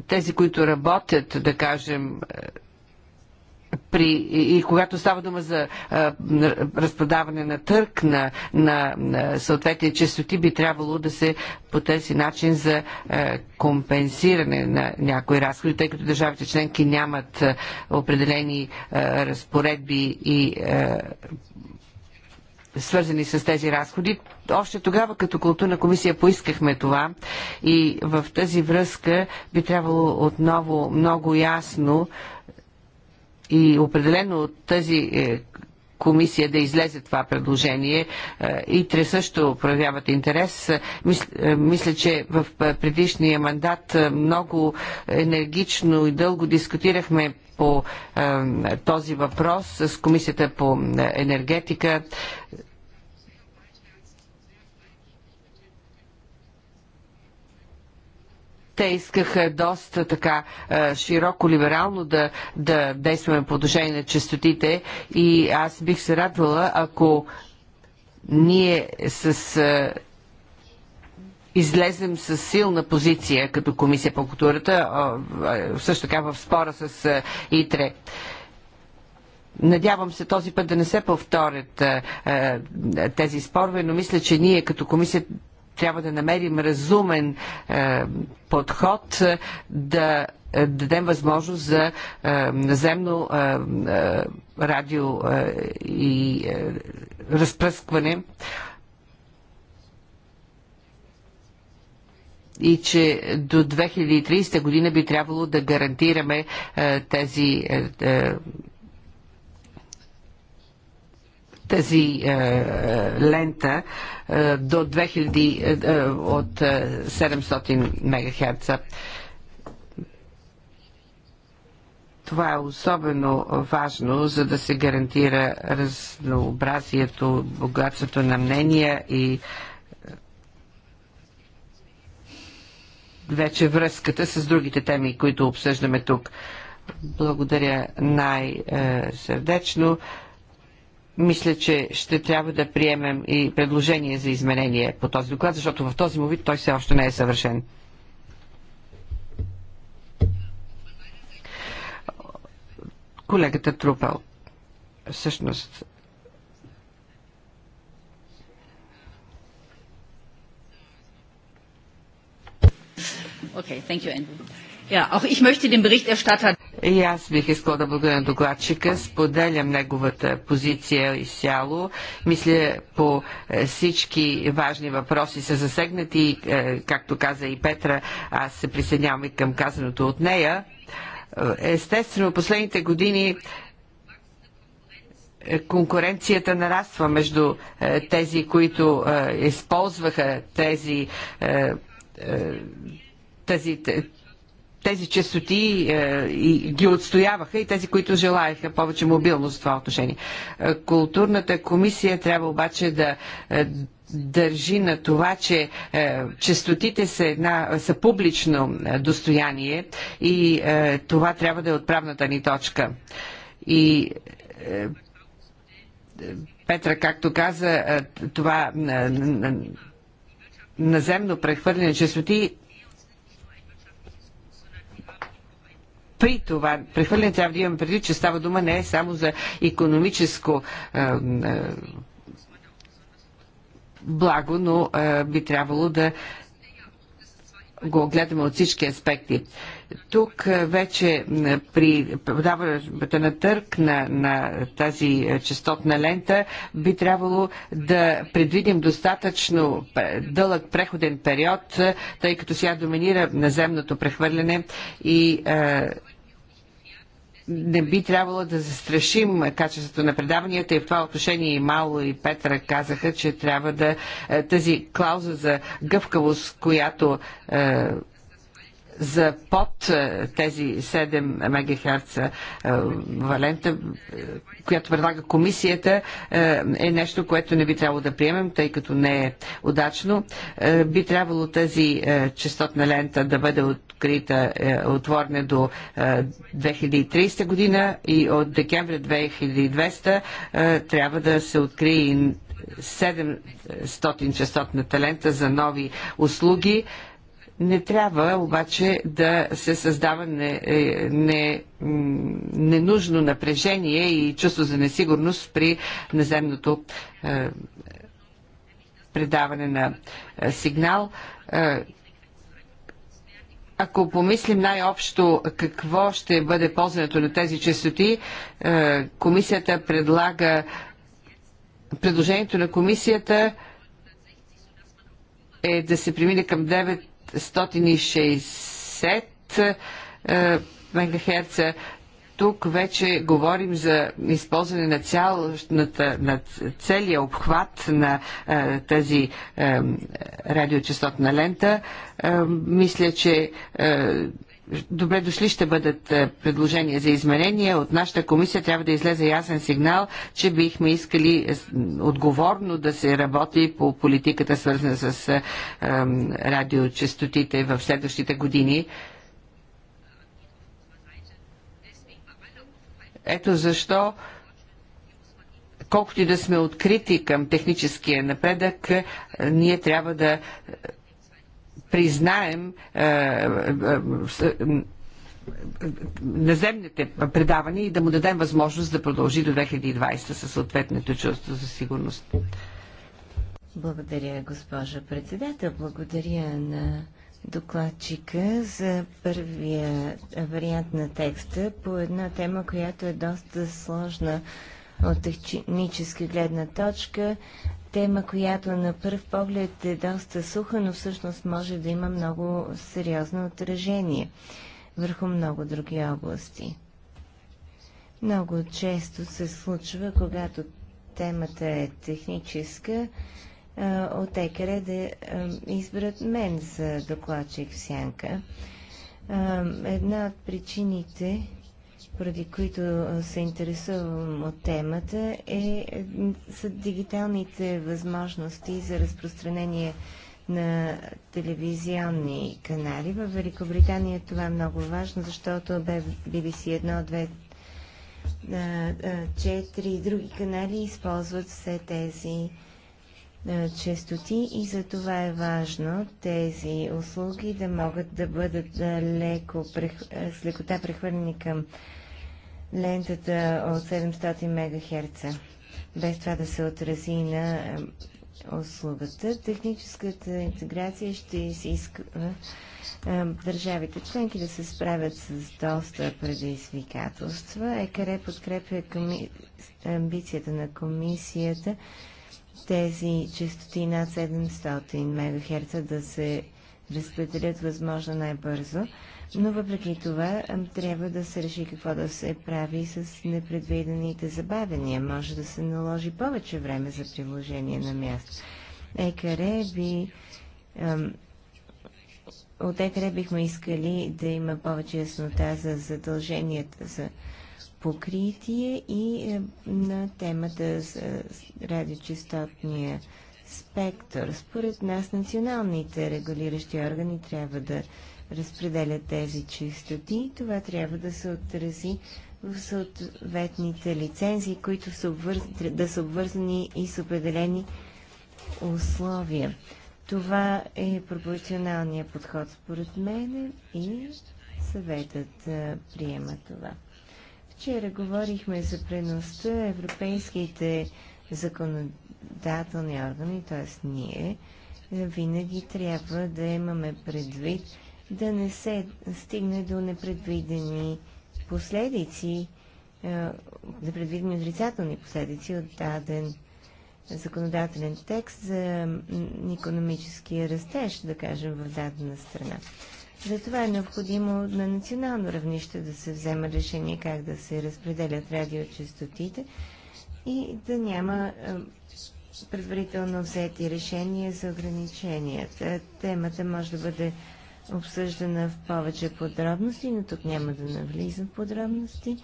тези, които работят, да кажем, при, и, и когато става дума за а, разпродаване на търк на, на, на съответни частоти, би трябвало да се потърси начин за а, компенсиране на някои разходи, тъй като държавите членки нямат а, определени а, разпоредби и а, свързани с тези разходи. Още тогава като културна комисия поискахме това и в тази връзка би трябвало отново много ясно и определено от тази е, комисия да излезе това предложение. Е, ИТРЕ също проявяват интерес. Е, мисля, че в предишния мандат много енергично и дълго дискутирахме по този въпрос с Комисията по енергетика Те искаха доста така е, широко либерално да, да действаме по отношение на частотите и аз бих се радвала, ако ние с е, излезем с силна позиция като Комисия по културата, е, също така в спора с ИТРЕ. Надявам се този път да не се повторят тези спорове, но мисля, че ние като комисия трябва да намерим разумен е, подход, е, е, да дадем възможност за е, наземно е, е, радио е, и е, разпръскване. и че до 2030 година би трябвало да гарантираме е, тези е, е тази е, лента е, до 2000 е, е, от е, 700 МГц. Това е особено важно, за да се гарантира разнообразието, богатството на мнения и е, вече връзката с другите теми, които обсъждаме тук. Благодаря най-сърдечно. Е, мисля, че ще трябва да приемем и предложение за изменение по този доклад, защото в този му вид той все още не е съвършен. Колегата Трупел. Всъщност, Okay, thank you, Andrew. Ja, auch ich möchte den Berichterstatter и аз бих искал да благодаря на докладчика. Споделям неговата позиция изцяло. Мисля, по е, всички важни въпроси са засегнати. Е, както каза и Петра, аз се присъединявам и към казаното от нея. Е, естествено, последните години конкуренцията нараства между тези, които използваха тези тези частоти е, и ги отстояваха и тези, които желаяха повече мобилност в това отношение. Е, културната комисия трябва обаче да е, държи на това, че е, частотите са, една, са публично е, достояние и е, това трябва да е отправната ни точка. И е, Петра, както каза, това наземно прехвърляне частоти при това прехвърляне трябва да имаме предвид, че става дума не е само за економическо е, е, благо, но е, би трябвало да го гледаме от всички аспекти. Тук е, вече при подаването на търк на, на тази е, частотна лента би трябвало да предвидим достатъчно е, дълъг преходен период, тъй като сега доминира наземното прехвърляне и не би трябвало да застрашим качеството на предаванията и в това отношение и Мало и Петра казаха, че трябва да тази клауза за гъвкавост, която е, за под е, тези 7 МГц е, валента, е, която предлага комисията, е нещо, което не би трябвало да приемем, тъй като не е удачно. Би трябвало тази частотна лента да бъде открита, отворена до 2030 година и от декември 2200 трябва да се открие 700 частотна лента за нови услуги не трябва обаче да се създава не, е, не, ненужно напрежение и чувство за несигурност при наземното е, предаване на е, сигнал. Е, ако помислим най-общо какво ще бъде ползването на тези частоти, е, комисията предлага предложението на комисията е да се премине към 9 160 е, МГц. Тук вече говорим за използване на, цял, на целия обхват на е, тази е, радиочастотна лента. мисля, че добре дошли ще бъдат е, предложения за изменения. От нашата комисия трябва да излезе ясен сигнал, че бихме искали е, отговорно да се работи по политиката, свързана с е, радиочастотите в следващите години. Ето защо колкото и да сме открити към техническия напредък, ние трябва да признаем е, е, е, наземните предавания и да му дадем възможност да продължи до 2020 със съответното чувство за сигурност. Благодаря, госпожа председател. Благодаря на докладчика за първия вариант на текста по една тема, която е доста сложна от техническа гледна точка, тема, която на пръв поглед е доста суха, но всъщност може да има много сериозно отражение върху много други области. Много често се случва, когато темата е техническа, от екаре да изберат мен за докладчик в сянка. Една от причините поради които се интересувам от темата, е, е, са дигиталните възможности за разпространение на телевизионни канали. В Великобритания това е много важно, защото BBC 1, 2, 4 и други канали използват все тези честоти и за това е важно тези услуги да могат да бъдат леко, с лекота прехвърлени към лентата от 700 МГц, без това да се отрази на е, услугата. Техническата интеграция ще изисква е, е, държавите членки да се справят с доста предизвикателства. ЕКР подкрепя коми... амбицията на комисията тези частоти над 700 МГц да се разпределят възможно най-бързо. Но въпреки това трябва да се реши какво да се прави с непредвидените забавения. Може да се наложи повече време за приложение на място. Екаре би от екаре бихме искали да има повече яснота за задълженията за покритие и на темата за радиочастотния спектър. Според нас националните регулиращи органи трябва да разпределят тези чистоти. Това трябва да се отрази в съответните лицензии, които са обвърз... да са обвързани и с определени условия. Това е пропорционалният подход според мен и съветът а, приема това. Вчера говорихме за преността европейските законодателни органи, т.е. ние, винаги трябва да имаме предвид да не се стигне до непредвидени последици, е, непредвидени отрицателни последици от даден законодателен текст за економическия растеж, да кажем, в дадена страна. Затова е необходимо на национално равнище да се взема решение как да се разпределят радиочастотите и да няма е, предварително взети решения за ограниченията. Темата може да бъде обсъждана в повече подробности, но тук няма да навлизам в подробности.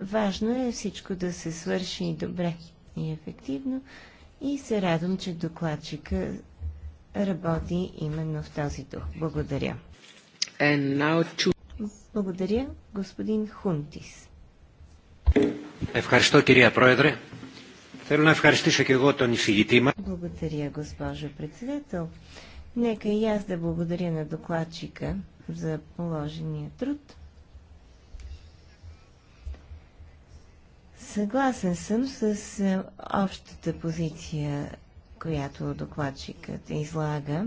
Важно е всичко да се свърши добре и ефективно и се радвам, че докладчика работи именно в този дух. Благодаря. Благодаря, господин Хунтис. Ευχαριστώ, κυρία Πρόεδρε. Θέλω να ευχαριστήσω και εγώ τον εισηγητή μας. Благодаря, госпожо председател. Нека и аз да благодаря на докладчика за положения труд. Съгласен съм с е, общата позиция, която докладчикът излага,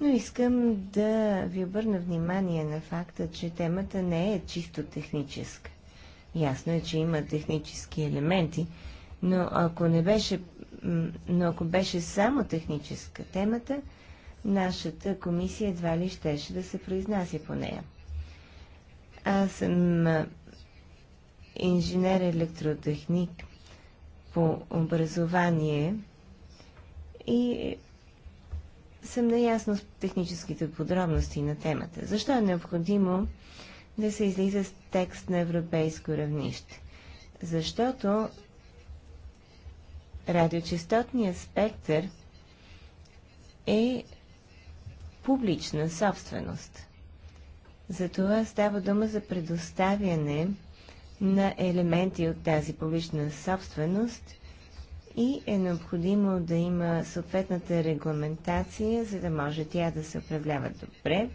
но искам да ви обърна внимание на факта, че темата не е чисто техническа. Ясно е, че има технически елементи, но ако не беше, но ако беше само техническа темата, нашата комисия едва ли щеше да се произнася по нея. Аз съм инженер-електротехник по образование и съм наясно с техническите подробности на темата. Защо е необходимо да се излиза с текст на европейско равнище? Защото радиочастотният спектър е публична собственост. За това става дума за предоставяне на елементи от тази публична собственост и е необходимо да има съответната регламентация, за да може тя да се управлява добре.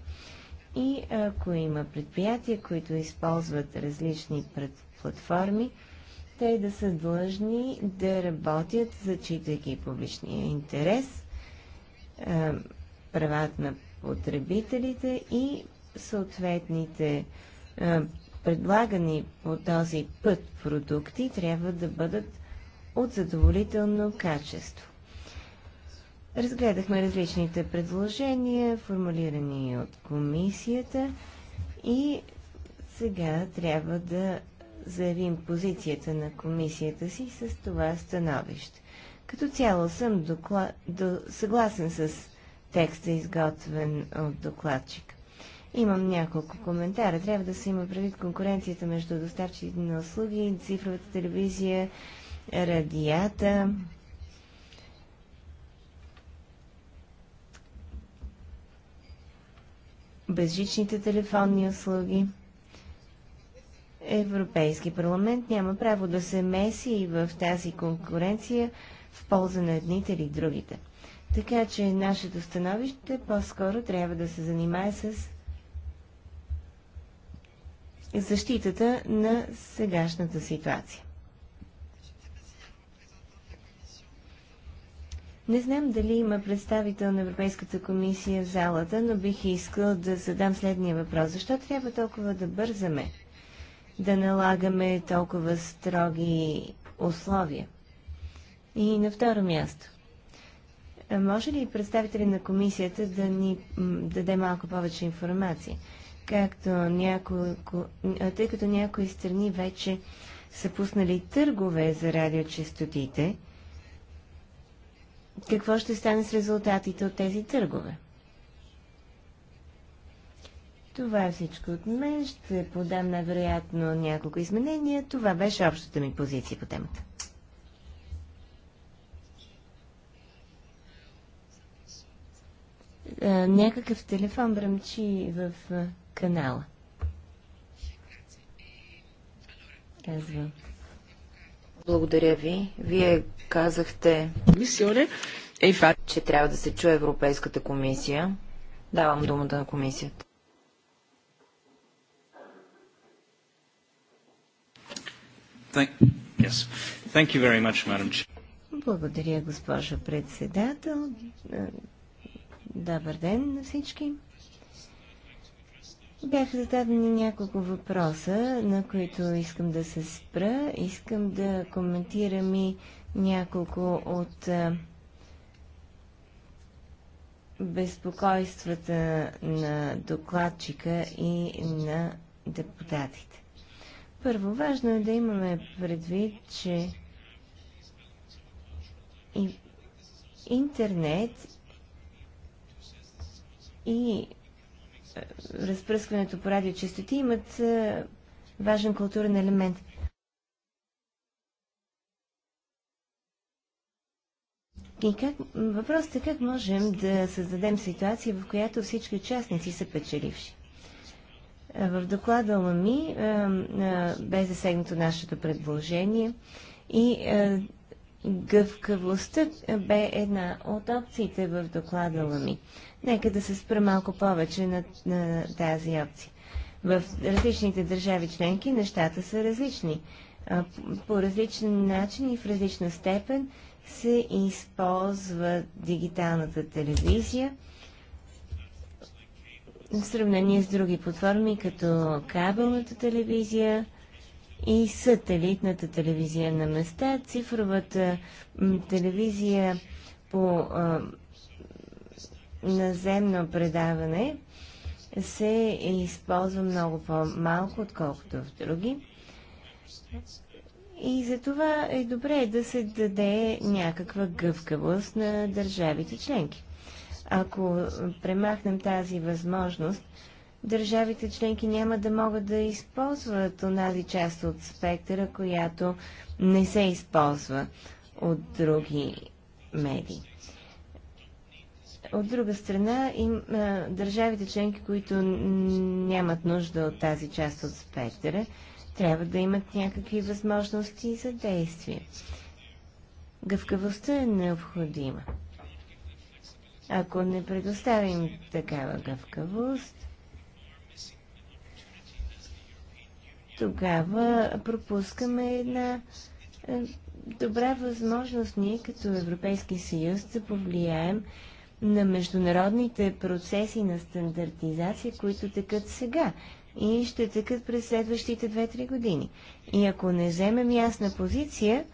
И ако има предприятия, които използват различни платформи, те да са длъжни да работят, зачитайки публичния интерес – правата на потребителите и съответните а, предлагани по този път продукти трябва да бъдат от задоволително качество. Разгледахме различните предложения, формулирани от комисията и сега трябва да заявим позицията на комисията си с това становище. Като цяло съм до... съгласен с текста, е изготвен от докладчик. Имам няколко коментара. Трябва да се има предвид конкуренцията между доставчиците на услуги, цифровата телевизия, радията. безжичните телефонни услуги. Европейски парламент няма право да се меси и в тази конкуренция в полза на едните или другите. Така че нашето становище по-скоро трябва да се занимае с защитата на сегашната ситуация. Не знам дали има представител на Европейската комисия в залата, но бих искал да задам следния въпрос. Защо трябва толкова да бързаме? Да налагаме толкова строги условия? И на второ място. Може ли представители на комисията да ни даде малко повече информация? Както няколко, тъй като някои страни вече са пуснали търгове за радиочестотите, какво ще стане с резултатите от тези търгове? Това е всичко от мен. Ще подам най-вероятно няколко изменения. Това беше общата ми позиция по темата. а, е, някакъв телефон бръмчи в а, е, канала. Казва. Благодаря ви. Вие казахте, е че трябва да се чуе Европейската комисия. Давам думата на комисията. Благодаря, госпожо председател. Добър ден на всички! Бяха зададени няколко въпроса, на които искам да се спра. Искам да коментирам и няколко от безпокойствата на докладчика и на депутатите. Първо, важно е да имаме предвид, че интернет и е, разпръскването по радиочастоти имат е, важен културен елемент. И как, въпросът е как можем да създадем ситуация, в която всички участници са печеливши. Е, в доклада ЛАМИ бе засегнато нашето предложение и Гъвкавостта бе една от опциите в доклада Лами. Нека да се спра малко повече на, на тази опция. В различните държави членки нещата са различни. По различен начин и в различна степен се използва дигиталната телевизия в сравнение с други платформи, като кабелната телевизия, и сателитната телевизия на места, цифровата телевизия по а, наземно предаване се използва много по-малко, отколкото в други. И за това е добре да се даде някаква гъвкавост на държавите членки. Ако премахнем тази възможност, държавите членки няма да могат да използват онази част от спектъра, която не се използва от други медии. От друга страна, им, а, държавите членки, които нямат нужда от тази част от спектъра, трябва да имат някакви възможности за действие. Гъвкавостта е необходима. Ако не предоставим такава гъвкавост, тогава пропускаме една е, добра възможност ние като Европейски съюз да повлияем на международните процеси на стандартизация, които текат сега и ще текат през следващите 2-3 години. И ако не вземем ясна позиция,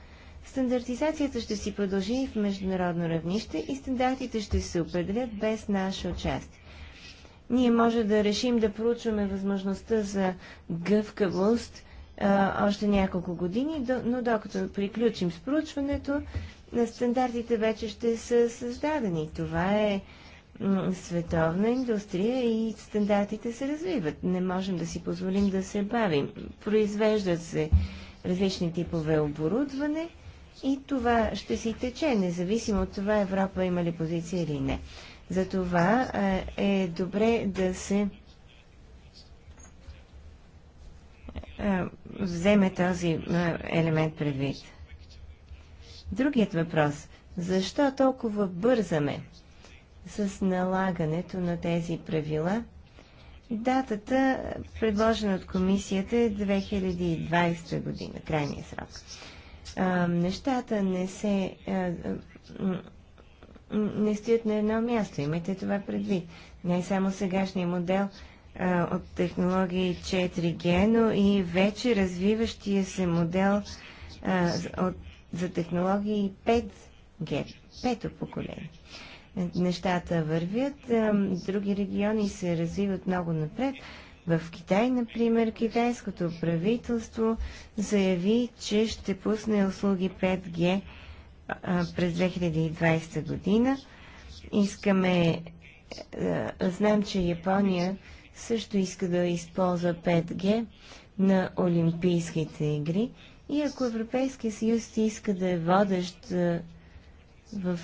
стандартизацията ще си продължи в международно равнище и стандартите ще се определят без наше участие. Ние може да решим да проучваме възможността за гъвкавост а, още няколко години, но докато приключим с проучването, стандартите вече ще са създадени. Това е световна индустрия и стандартите се развиват. Не можем да си позволим да се бавим. Произвеждат се различни типове оборудване и това ще си тече, независимо от това Европа има ли позиция или не. Затова е добре да се вземе този елемент предвид. Другият въпрос. Защо толкова бързаме с налагането на тези правила? Датата, предложена от комисията, е 2020 година, крайния срок. нещата не се не стоят на едно място. Имайте това предвид. Не е само сегашния модел а, от технологии 4G, но и вече развиващия се модел а, от, за технологии 5G, пето поколение. Нещата вървят, а, други региони се развиват много напред. В Китай, например, китайското правителство заяви, че ще пусне услуги 5G през 2020 година. Искаме, знам, че Япония също иска да използва 5G на Олимпийските игри. И ако Европейския съюз иска да е водещ в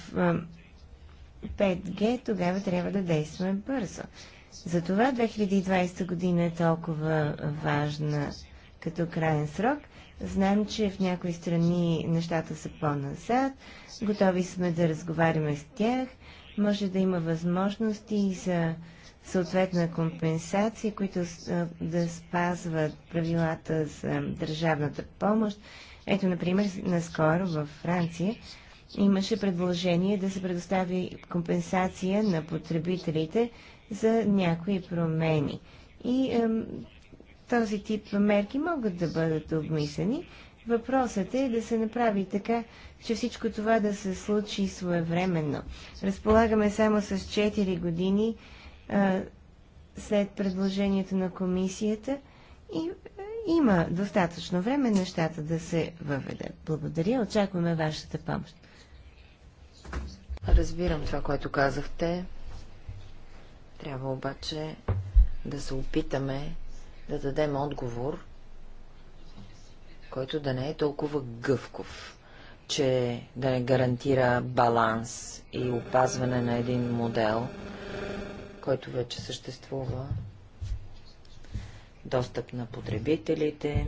5G, тогава трябва да действаме бързо. Затова 2020 година е толкова важна като крайен срок – Знам, че в някои страни нещата са по-назад. Готови сме да разговаряме с тях. Може да има възможности за съответна компенсация, които да спазват правилата за държавната помощ. Ето, например, наскоро във Франция имаше предложение да се предостави компенсация на потребителите за някои промени. И този тип мерки могат да бъдат обмислени. Въпросът е да се направи така, че всичко това да се случи своевременно. Разполагаме само с 4 години а, след предложението на комисията и има достатъчно време нещата да се въведат. Благодаря, очакваме вашата помощ. Разбирам това, което казахте. Трябва обаче да се опитаме да дадем отговор, който да не е толкова гъвков, че да не гарантира баланс и опазване на един модел, който вече съществува, достъп на потребителите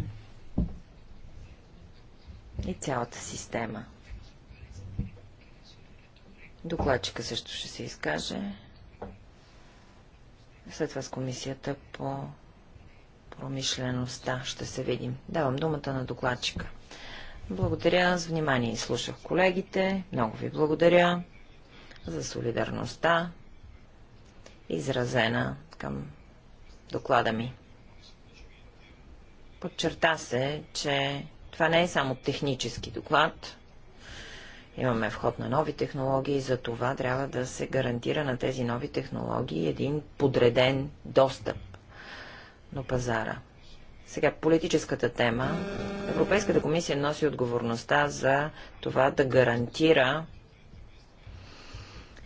и цялата система. Докладчика също ще се изкаже. След това с комисията по промишлеността. Ще се видим. Давам думата на докладчика. Благодаря за внимание. Слушах колегите. Много ви благодаря за солидарността, изразена към доклада ми. Подчерта се, че това не е само технически доклад. Имаме вход на нови технологии, за това трябва да се гарантира на тези нови технологии един подреден достъп на пазара. Сега, политическата тема. Европейската комисия носи отговорността за това да гарантира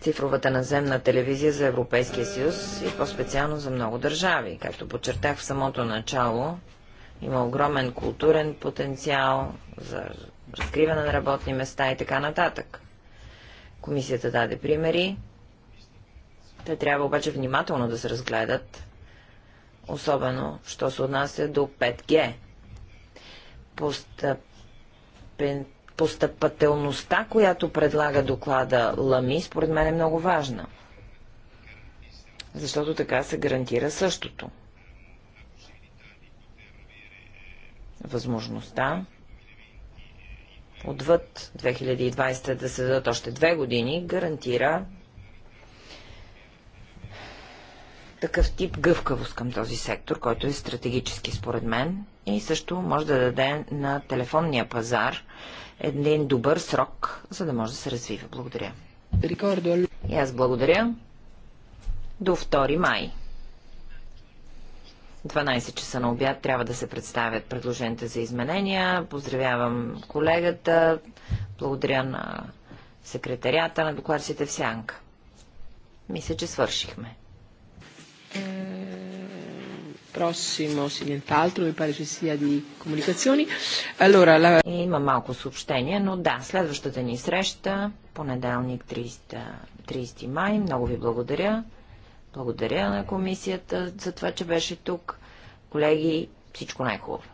цифровата наземна телевизия за Европейския съюз и по-специално за много държави. Както подчертах в самото начало, има огромен културен потенциал за разкриване на работни места и така нататък. Комисията даде примери. Те трябва обаче внимателно да се разгледат особено, що се отнася до 5G. Постъпателността, която предлага доклада Лами, според мен е много важна, защото така се гарантира същото. Възможността отвъд 2020 да се дадат още две години, гарантира такъв тип гъвкавост към този сектор, който е стратегически според мен и също може да даде на телефонния пазар един добър срок, за да може да се развива. Благодаря. Рикордо. И аз благодаря. До 2 май. 12 часа на обяд трябва да се представят предложенията за изменения. Поздравявам колегата. Благодаря на секретарята на докладците в Сянка. Мисля, че свършихме. Просимо, eh, sì, nient'altro, mi pare ci sia di comunicazioni. Allora, Има малко съобщение, но да, следващата ни среща, понеделник 30, 30 май. Много ви благодаря. Благодаря на комисията за това, че беше тук. Колеги, всичко най-хубаво.